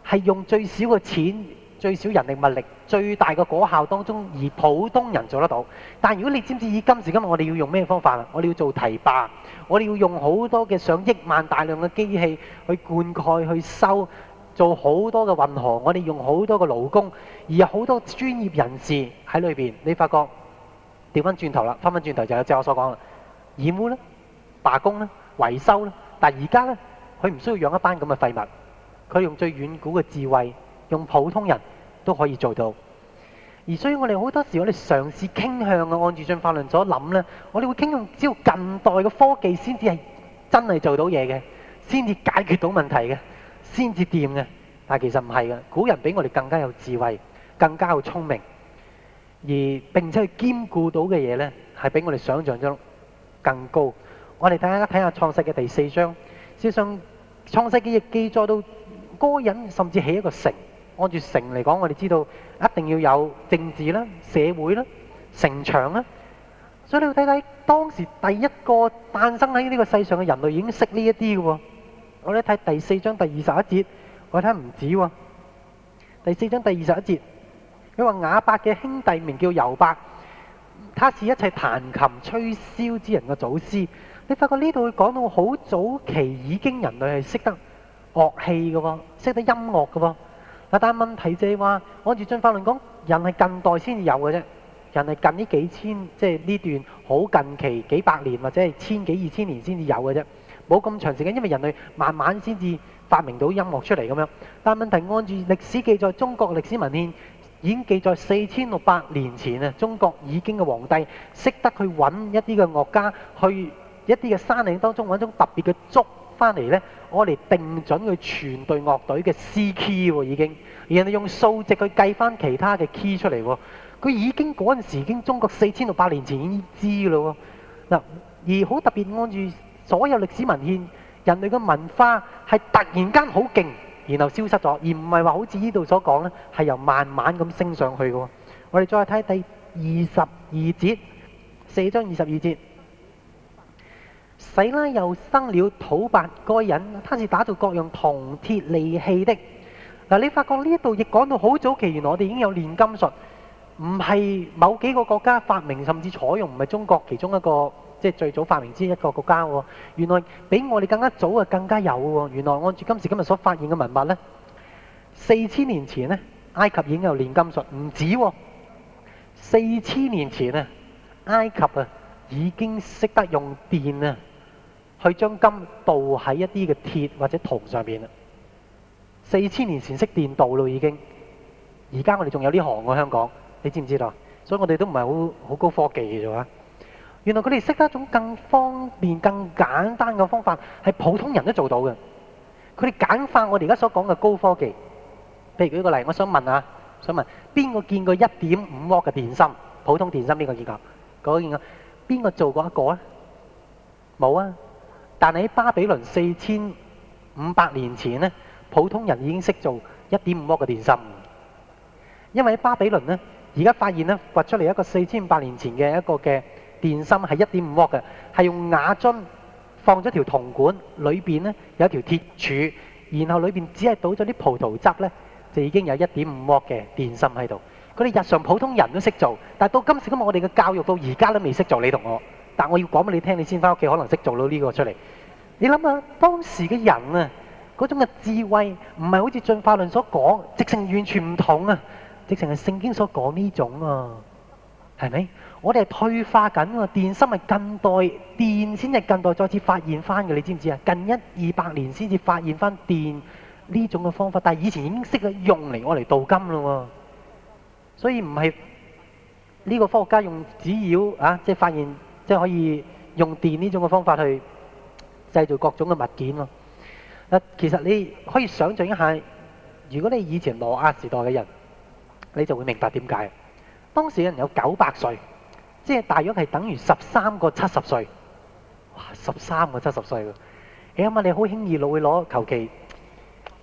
係用最少嘅錢、最少人力物力、最大嘅果效當中，而普通人做得到。但如果你知唔知以今時今日我哋要用咩方法？我哋要做堤壩，我哋要用好多嘅上億萬大量嘅機器去灌溉、去修，做好多嘅運河，我哋用好多嘅勞工，而有好多專業人士。喺裏邊，你發覺調翻轉頭啦，翻翻轉頭就有，即係我所講啦，染污、咧、罷工咧、維修咧，但係而家呢，佢唔需要養一班咁嘅廢物，佢用最遠古嘅智慧，用普通人都可以做到。而所以我，我哋好多時我哋嘗試傾向嘅按住進化論所諗呢，我哋會傾向只要近代嘅科技先至係真係做到嘢嘅，先至解決到問題嘅，先至掂嘅。但係其實唔係嘅，古人比我哋更加有智慧，更加有聰明。而並且兼顧到嘅嘢咧，係比我哋想象中更高。我哋大家睇下創世嘅第四章，事實上創世記亦記載到個人，甚至起一個城。按住城嚟講，我哋知道一定要有政治啦、社會啦、城牆啦。所以你要睇睇當時第一個誕生喺呢個世上嘅人類已經識呢一啲嘅喎。我哋睇第四章第二十一節，我睇唔止喎。第四章第二十一節。因為雅伯嘅兄弟名叫尤伯，他是一切彈琴吹簫之人嘅祖師。你發覺呢度講到好早期已經人類係識得樂器嘅喎，識得音樂嘅喎。嗱，但係問題就係話按住進化論講，人係近代先至有嘅啫。人係近呢幾千即係呢段好近期幾百年或者係千幾二千年先至有嘅啫，冇咁長時間，因為人類慢慢先至發明到音樂出嚟咁樣。但係問題按住歷史記載，中國歷史文獻。已經記載四千六百年前啊，中國已經嘅皇帝識得去揾一啲嘅樂家，去一啲嘅山嶺當中揾種特別嘅竹翻嚟呢，我嚟定準佢全隊樂隊嘅 C key 喎，已經，而人哋用數值去計翻其他嘅 key 出嚟喎，佢已經嗰陣時已經中國四千六百年前已經知咯喎，而好特別按住所有歷史文獻，人類嘅文化係突然間好勁。然後消失咗，而唔係話好似呢度所講呢係由慢慢咁升上去嘅。我哋再睇第二十二節，四章二十二節，洗拉又生了土八該隱，他是打造各樣銅鐵利器的。嗱，你發覺呢度亦講到好早期，原來我哋已經有煉金術，唔係某幾個國家發明甚至採用，唔係中國其中一個。即係最早發明之一個國家喎，原來比我哋更加早啊，更加有喎。原來按住今時今日所發現嘅文物呢，四千年前呢埃及已經有煉金術，唔止喎、哦。四千年前啊，埃及啊已經識得用電啊，去將金倒喺一啲嘅鐵或者銅上面啦。四千年前識電鍍咯，已經、啊。而家我哋仲有呢行喎香港，你知唔知道？所以我哋都唔係好好高科技嘅啫。原來佢哋識得一種更方便、更簡單嘅方法，係普通人都做到嘅。佢哋簡化我哋而家所講嘅高科技。譬如舉一個例，我想問下，想問邊個見過一點五鑊嘅電芯？普通電芯邊個見過？嗰個邊個做過一個呀？冇啊！但係喺巴比倫四千五百年前咧，普通人已經識做一點五鑊嘅電芯。因為喺巴比倫咧，而家發現咧掘出嚟一個四千五百年前嘅一個嘅。電芯係一點五伏嘅，係用瓦樽放咗條銅管，裏邊咧有條鐵柱，然後裏邊只係倒咗啲葡萄汁咧，就已經有一點五伏嘅電芯喺度。佢哋日常普通人都識做，但係到今時今日，我哋嘅教育到而家都未識做。你同我，但我要講俾你聽，你先翻屋企可能識做到呢個出嚟。你諗下當時嘅人啊，嗰種嘅智慧唔係好似進化論所講，直情完全唔同啊，直情係聖經所講呢種啊，係咪？我哋係退化緊，電芯係近代電先係近代再次發現翻嘅，你知唔知啊？近一二百年先至發現翻電呢種嘅方法，但係以前已經識得用嚟我嚟鍍金咯。所以唔係呢個科學家用指標，啊，即、就是、發現即係、就是、可以用電呢種嘅方法去製造各種嘅物件咯、啊。其實你可以想像一下，如果你是以前羅亞時代嘅人，你就會明白點解。當時嘅人有九百歲。即係大約係等於十三個七十歲，哇！十三個七十歲嘅，你諗下你好輕易會攞求其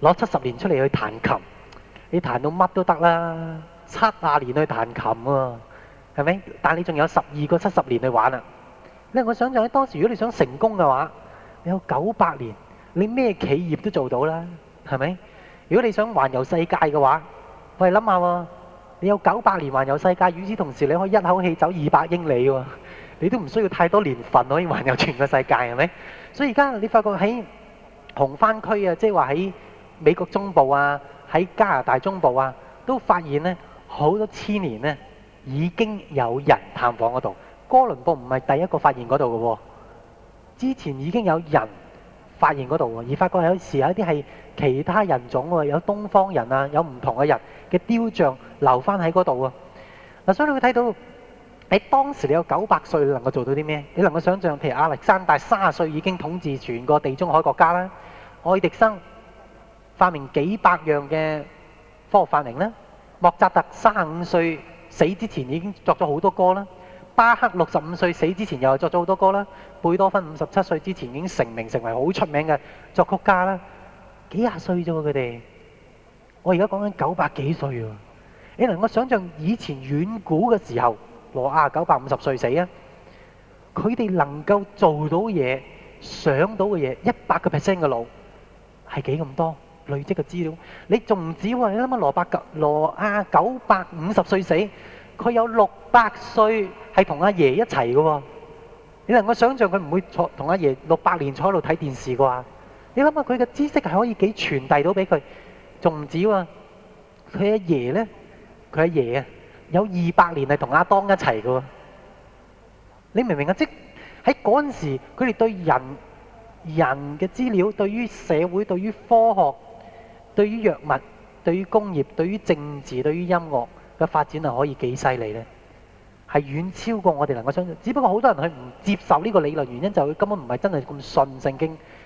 攞七十年出嚟去彈琴，你彈到乜都得啦，七啊年去彈琴喎，啊，係咪？但你仲有十二個七十年去玩啊！咧，我想像喺當時，如果你想成功嘅話，你有九百年，你咩企業都做到啦，係咪？如果你想環遊世界嘅話，我係諗下喎。你有九百年環遊世界，與此同時你可以一口氣走二百英里喎，哦，你都唔需要太多年份可以環遊全個世界，係咪？所以而家你發覺喺紅番區啊，即係話喺美國中部啊，喺加拿大中部啊，都發現呢好多千年呢已經有人探訪嗰度。哥倫布唔係第一個發現嗰度嘅喎，之前已經有人發現嗰度喎，而發覺有時有一啲係。其他人種喎，有東方人啊，有唔同嘅人嘅雕像留翻喺嗰度啊！所以你會睇到喺當時你有九百歲，能夠做到啲咩？你能夠想象，譬如亞歷山大三十歲已經統治全個地中海國家啦，愛迪生發明幾百樣嘅科學發明啦，莫扎特三十五歲死之前已經作咗好多歌啦，巴克六十五歲死之前又作咗好多歌啦，貝多芬五十七歲之前已經成名成為好出名嘅作曲家啦。幾廿歲啫喎，佢哋！我而家講緊九百幾歲喎，你能夠想象以前遠古嘅時候，羅亞九百五十歲死啊！佢哋能夠做到嘢、想到嘅嘢，一百個 percent 嘅腦係幾咁多累積嘅資料？你仲唔止喎？你諗下羅伯格、羅亞九百五十歲死，佢有六百歲係同阿爺一齊嘅喎。你能夠想象佢唔會坐同阿爺六百年坐喺度睇電視啩？你諗下佢嘅知識係可以幾傳遞到俾佢，仲唔止喎、啊？佢阿爺，爺呢？佢阿爺啊，有二百年係同亞當一齊喎。你明唔明啊？即喺嗰陣時，佢哋對人人嘅資料，對於社會、對於科學、對於藥物、對於工業、對於政治、對於音樂嘅發展係可以幾犀利呢？係遠超過我哋能夠想像。只不過好多人佢唔接受呢個理論，原因就係根本唔係真係咁信聖經。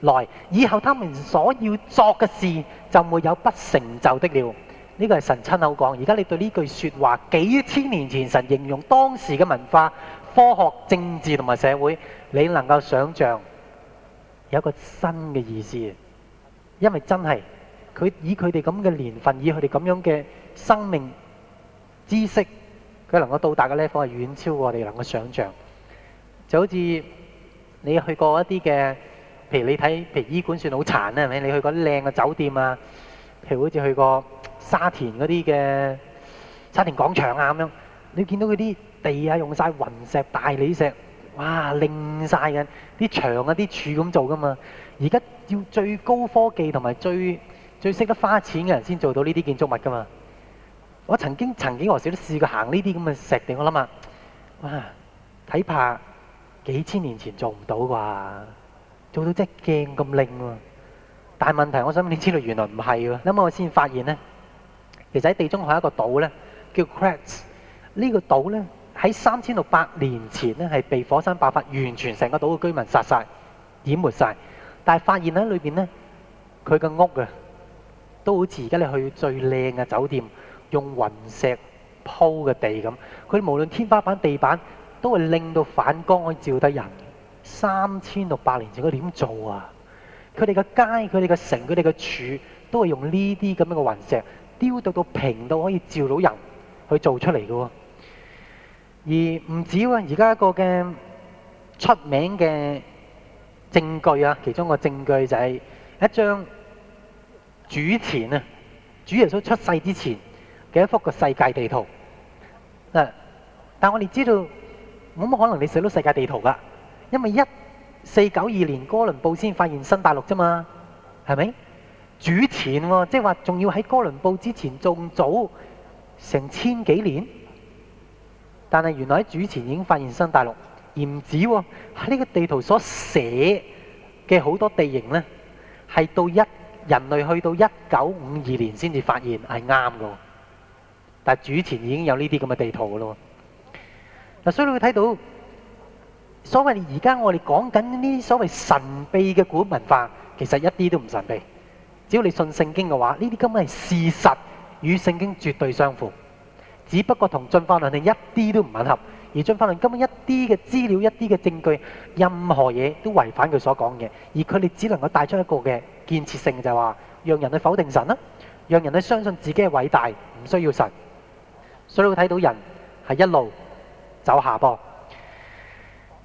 來，以後他們所要作嘅事就沒有不成就的了。呢、這個係神親口講。而家你對呢句說話幾千年前神形容當時嘅文化、科學、政治同埋社會，你能夠想像有一個新嘅意思？因為真係佢以佢哋咁嘅年份，以佢哋咁樣嘅生命知識，佢能夠到達嘅 level 係遠超過我哋能夠想像。就好似你去過一啲嘅。譬如你睇，譬如醫館算好殘啦，係咪？你去個靚嘅酒店啊，譬如好似去個沙田嗰啲嘅沙田廣場啊咁樣，你見到佢啲地啊用晒雲石、大理石，哇，靚晒嘅啲牆啊、啲柱咁做噶嘛。而家要最高科技同埋最最識得花錢嘅人先做到呢啲建築物噶嘛。我曾經曾幾何時都試過行呢啲咁嘅石地，我諗啊，哇，睇怕幾千年前做唔到啩。做到真係鏡咁靚喎，但係問題，我想你知道原來唔係喎，咁我先發現咧，其實喺地中海一個島咧叫 Kratz，呢個島咧喺三千六百年前咧係被火山爆發，完全成個島嘅居民殺曬、淹沒曬，但係發現喺裏邊咧，佢嘅屋啊都好似而家你去最靚嘅酒店用雲石鋪嘅地咁，佢無論天花板、地板都會令到反光可以照得人。三千六百年前佢點做啊？佢哋嘅街、佢哋嘅城、佢哋嘅柱，都係用呢啲咁樣嘅雲石雕到個平到可以照到人去做出嚟嘅，啊。而唔止啊，而家一個嘅出名嘅證據啊，其中個證據就係一張主前啊，主耶穌出世之前嘅一幅個世界地圖。嗱，但我哋知道冇乜可能你寫到世界地圖噶。因為一四九二年哥倫布先發現新大陸啫嘛，係咪？主前喎、哦，即係話仲要喺哥倫布之前仲早成千幾年，但係原來喺主前已經發現新大陸，而唔止喎、哦。喺、這、呢個地圖所寫嘅好多地形呢，係到一人類去到一九五二年先至發現係啱㗎。但係主前已經有呢啲咁嘅地圖㗎咯。嗱，所以你會睇到。所謂而家我哋講緊呢啲所謂神秘嘅古文化，其實一啲都唔神秘。只要你信聖經嘅話，呢啲根本係事實，與聖經絕對相符。只不過同進化論係一啲都唔吻合，而進化論根本一啲嘅資料、一啲嘅證據，任何嘢都違反佢所講嘅。而佢哋只能夠帶出一個嘅建設性，就係話，讓人去否定神啦，讓人去相信自己嘅偉大，唔需要神。所以會睇到人係一路走下坡。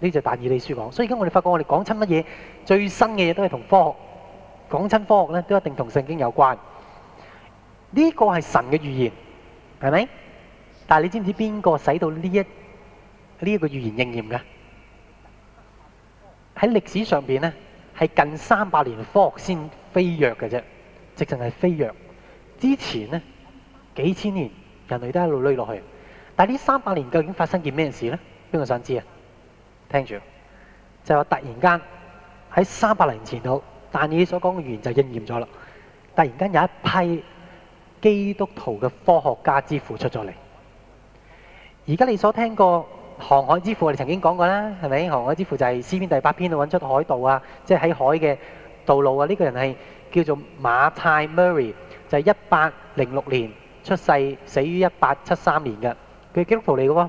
呢就但以理書講，所以而家我哋發覺，我哋講親乜嘢最新嘅嘢都係同科學講親科學咧，都一定同聖經有關。呢個係神嘅預言，係咪？但係你知唔知邊個使到呢一呢一個預言應驗㗎？喺歷史上邊咧，係近三百年科學先飛躍嘅啫，直情係飛躍。之前咧幾千年人類都喺度累落去，但係呢三百年究竟發生件咩事咧？邊個想知啊？聽住，就係話突然間喺三百年前度，但你所講嘅語言就應驗咗啦。突然間有一批基督徒嘅科學家之父出咗嚟。而家你所聽過航海之父，我哋曾經講過啦，係咪？航海之父就係詩篇第八篇度揾出海道啊，即係喺海嘅道路啊。呢、這個人係叫做馬太·默瑞，就係一八零六年出世，死於一八七三年嘅，佢係基督徒嚟嘅喎。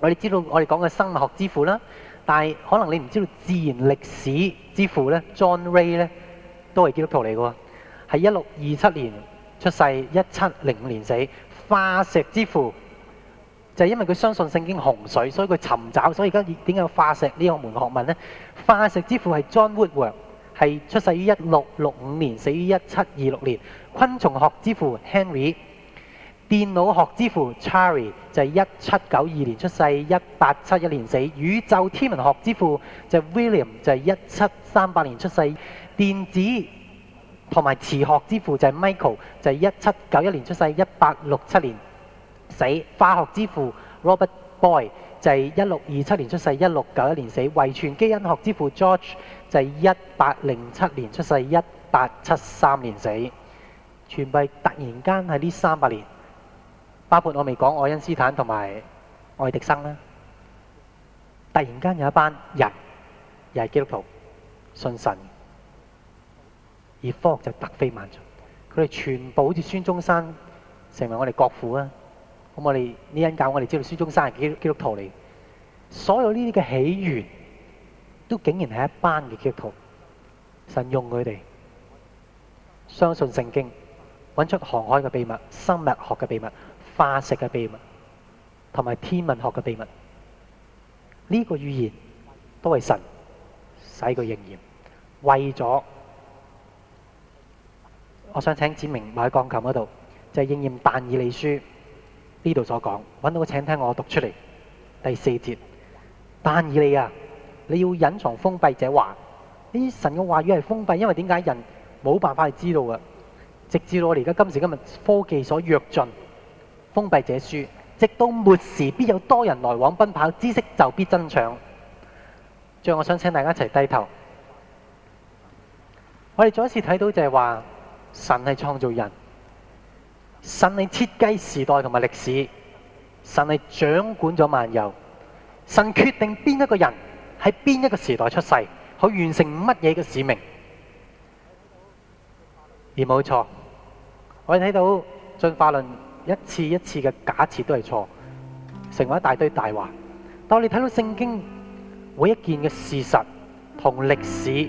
我哋知道我哋講嘅生物學之父啦，但係可能你唔知道自然歷史之父咧，John Ray 咧都係基督徒嚟嘅，係一六二七年出世，一七零五年死。化石之父就係因為佢相信聖經洪水，所以佢尋找，所以而家點解有化石呢個門學問呢？化石之父係 John Woodward，係出世於一六六五年，死於一七二六年。昆蟲學之父 Henry。電腦學之父 Chari 就係一七九二年出世，一八七一年死。宇宙天文學之父就係、是、William 就係一七三八年出世。電子同埋磁學之父就係、是、Michael 就係一七九一年出世，一八六七年死。化學之父 Robert Boy 就係一六二七年出世，一六九一年死。遺傳基因學之父 George 就係一八零七年出世，一八七三年死。全部突然間喺呢三百年。包括我未講愛因斯坦同埋愛迪生啦，突然間有一班人又係基督徒，信神，而科學就突飛猛進。佢哋全部好似孫中山成為我哋國父啊！咁我哋呢人教我哋知道孫中山係基督基督徒嚟，所有呢啲嘅起源都竟然係一班嘅基督徒，神用佢哋相信聖經，搵出航海嘅秘密、生物學嘅秘密。化石嘅秘密同埋天文學嘅秘密呢、呢個預言都係神使佢應驗，為咗我想請子明埋鋼琴嗰度就係、應驗但以利書呢度所講，揾到個請聽我讀出嚟第四節。但以利啊，你要隱藏封閉者話呢？呢啲神嘅話語係封閉，因為點解人冇辦法去知道啊？直至到我哋而家今時今日科技所躍進。封閉這書，直到末時必有多人來往奔跑，知識就必增長。最後，我想請大家一齊低頭。我哋再一次睇到就係話，神係創造人，神係設計時代同埋歷史，神係掌管咗萬有，神決定邊一個人喺邊一個時代出世，去完成乜嘢嘅使命。而冇錯，我哋睇到進化論。一次一次嘅假設都係錯，成為一大堆大話。當你睇到聖經每一件嘅事實同歷史，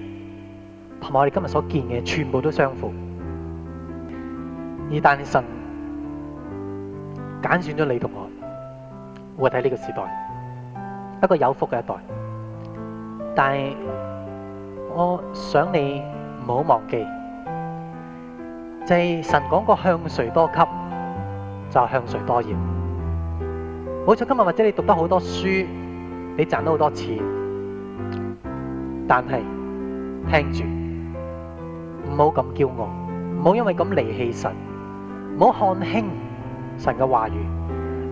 同埋我哋今日所見嘅全部都相符。而但神揀選咗你同我，活喺呢個時代，一個有福嘅一代。但係我想你唔好忘記，就係神講過向誰多給。就向誰多言。冇錯，今日或者你讀得好多書，你賺到好多錢，但係聽住，唔好咁驕傲，唔好因為咁離棄神，唔好看輕神嘅話語，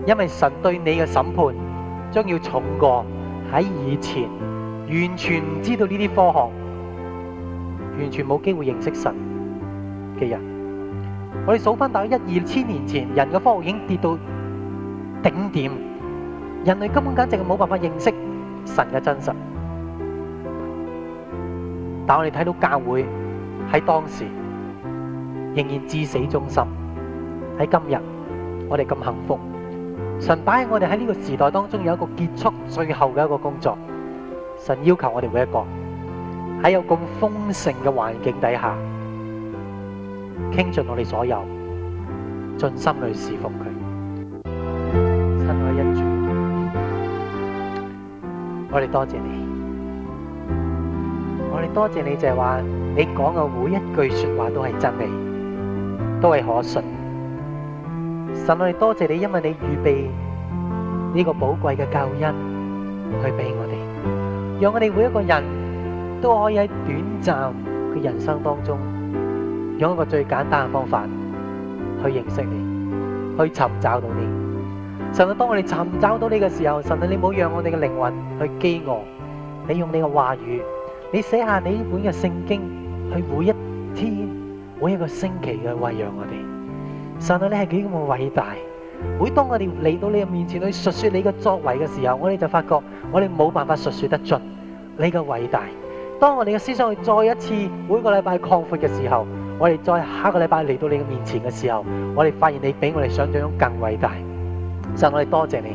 因為神對你嘅審判將要重過喺以前完全唔知道呢啲科學，完全冇機會認識神嘅人。我哋數翻大概一二千年前，人嘅科學已經跌到頂點，人類根本簡直係冇辦法認識神嘅真實。但我哋睇到教會喺當時仍然至死忠心。喺今日，我哋咁幸福，神擺喺我哋喺呢個時代當中有一個結束最後嘅一個工作。神要求我哋每一個喺有咁豐盛嘅環境底下。傾盡我哋所有，盡心去侍奉佢。親愛一主，我哋多謝你，我哋多謝你就係話，你講嘅每一句說話都係真理，都係可信。神，我哋多謝你，因為你預備呢個寶貴嘅救恩去俾我哋，讓我哋每一個人都可以喺短暫嘅人生當中。用一個最簡單嘅方法去認識你，去尋找到你。神啊，當我哋尋找到你嘅時候，神啊，你唔好讓我哋嘅靈魂去飢餓。你用你嘅話語，你寫下你呢本嘅聖經，去每一天、每一個星期去餵養我哋。神啊，你係幾咁偉大！每當我哋嚟到你嘅面前去述說，說你嘅作為嘅時候，我哋就發覺我哋冇辦法述說得盡你嘅偉大。當我哋嘅思想去再一次每個禮拜去擴闊嘅時候，我哋再下一個禮拜嚟到你嘅面前嘅時候，我哋發現你比我哋想象中更偉大。神，我哋多謝你，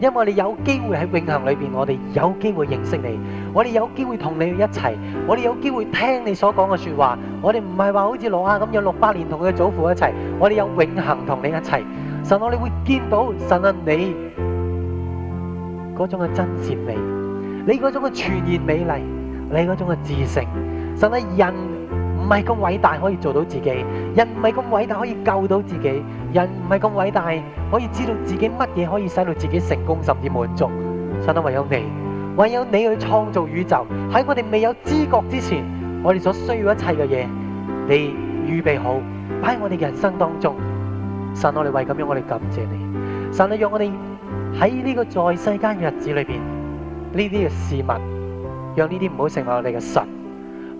因為我哋有機會喺永恒裏邊，我哋有機會認識你，我哋有機會同你一齊，我哋有機會聽你所講嘅說的話。我哋唔係話好似挪亞咁有六百年同佢嘅祖父一齊，我哋有永恒同你一齊。神，我哋會見到神啊你嗰種嘅真善美，你嗰種嘅全然美麗，你嗰種嘅至聖。神啊，人唔係咁偉大可以做到自己，人唔係咁偉大可以救到自己，人唔係咁偉大可以知道自己乜嘢可以使到自己成功甚至滿足。神都、啊、唯有你，唯有你去創造宇宙。喺我哋未有知覺之前，我哋所需要一切嘅嘢，你預備好擺喺我哋嘅人生當中。神、啊，這樣我哋為咁樣，我哋感謝你。神、啊，你讓我哋喺呢個在世間嘅日子裏邊，呢啲嘅事物，讓呢啲唔好成為我哋嘅神。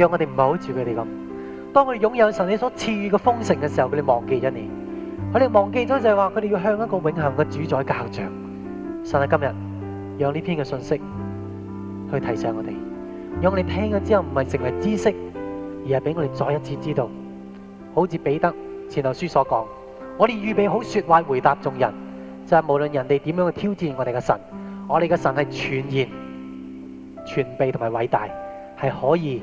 讓我哋唔係好似佢哋咁。當佢哋擁有神你所賜予嘅豐盛嘅時候，佢哋忘記咗你。佢哋忘記咗就係話，佢哋要向一個永恆嘅主宰交賬。神喺、啊、今日，讓呢篇嘅信息去提醒我哋，讓我哋聽咗之後唔係成為知識，而係俾我哋再一次知道。好似彼得前頭書所講，我哋預備好說話回答眾人，就係、是、無論人哋點樣去挑戰我哋嘅神，我哋嘅神係全然、全備同埋偉大，係可以。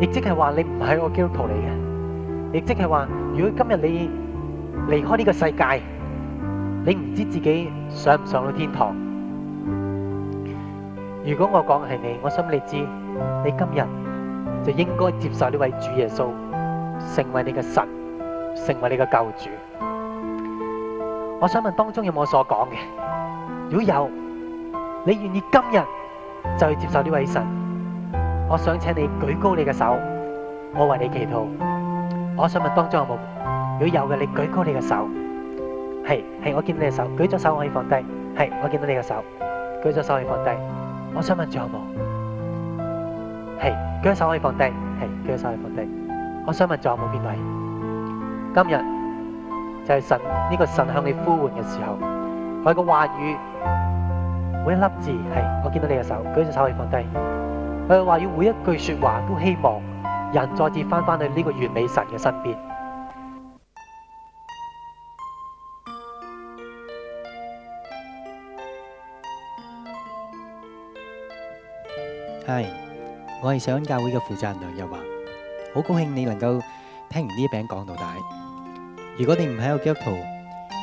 亦即係話你唔係個基督徒嚟嘅，亦即係話如果今日你離開呢個世界，你唔知自己上唔上到天堂。如果我講係你，我想你知，你今日就應該接受呢位主耶穌，成為你嘅神，成為你嘅救主。我想問當中有冇我所講嘅？如果有，你願意今日就去接受呢位神？我想請你舉高你嘅手，我為你祈禱。我想問當中有冇？如果有嘅，你舉高你嘅手。係，係，我見到你嘅手，舉咗手我可以放低。係，我見到你嘅手，舉咗手可以放低。我想問仲有冇？係，舉手可以放低。係，舉手可以放低。我想問仲有冇邊位？今日就係神呢個神向你呼喚嘅時候，我有個話語每一粒字，係，我見到你嘅手，舉咗手可以放低。佢話要每一句說話都希望人再次翻翻去呢個完美神嘅身邊。係，我係上教會嘅負責人梁日華，好高興你能夠聽完呢一餅講到大。如果你唔喺個基督徒，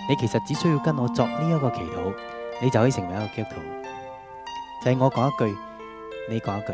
你其實只需要跟我作呢一個祈禱，你就可以成為一個基督徒。就係我講一句，你講一句。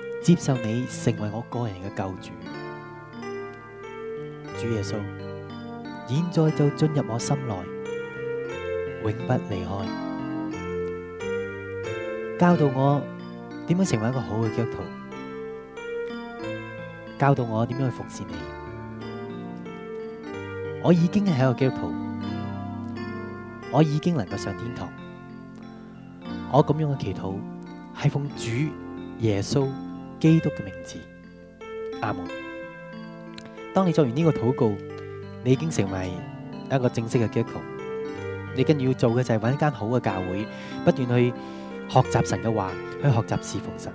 接受你成為我個人嘅救主，主耶穌，現在就進入我心內，永不離開，教導我點樣成為一個好嘅基督徒，教導我點樣去服侍你。我已經係一個基督徒，我已經能夠上天堂，我咁樣嘅祈禱，係奉主耶穌。.基督嘅名字，阿門。當你做完呢個禱告，你已經成為一個正式嘅基督徒。你跟住要做嘅就係揾一間好嘅教會，不斷去學習神嘅話，去學習侍奉神。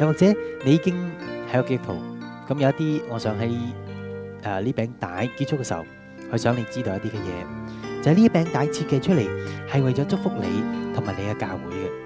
又或者你已經喺個基督徒，咁有一啲我想喺誒呢餅帶結束嘅時候，我想你知道一啲嘅嘢，就係呢餅帶設計出嚟係為咗祝福你同埋你嘅教會嘅。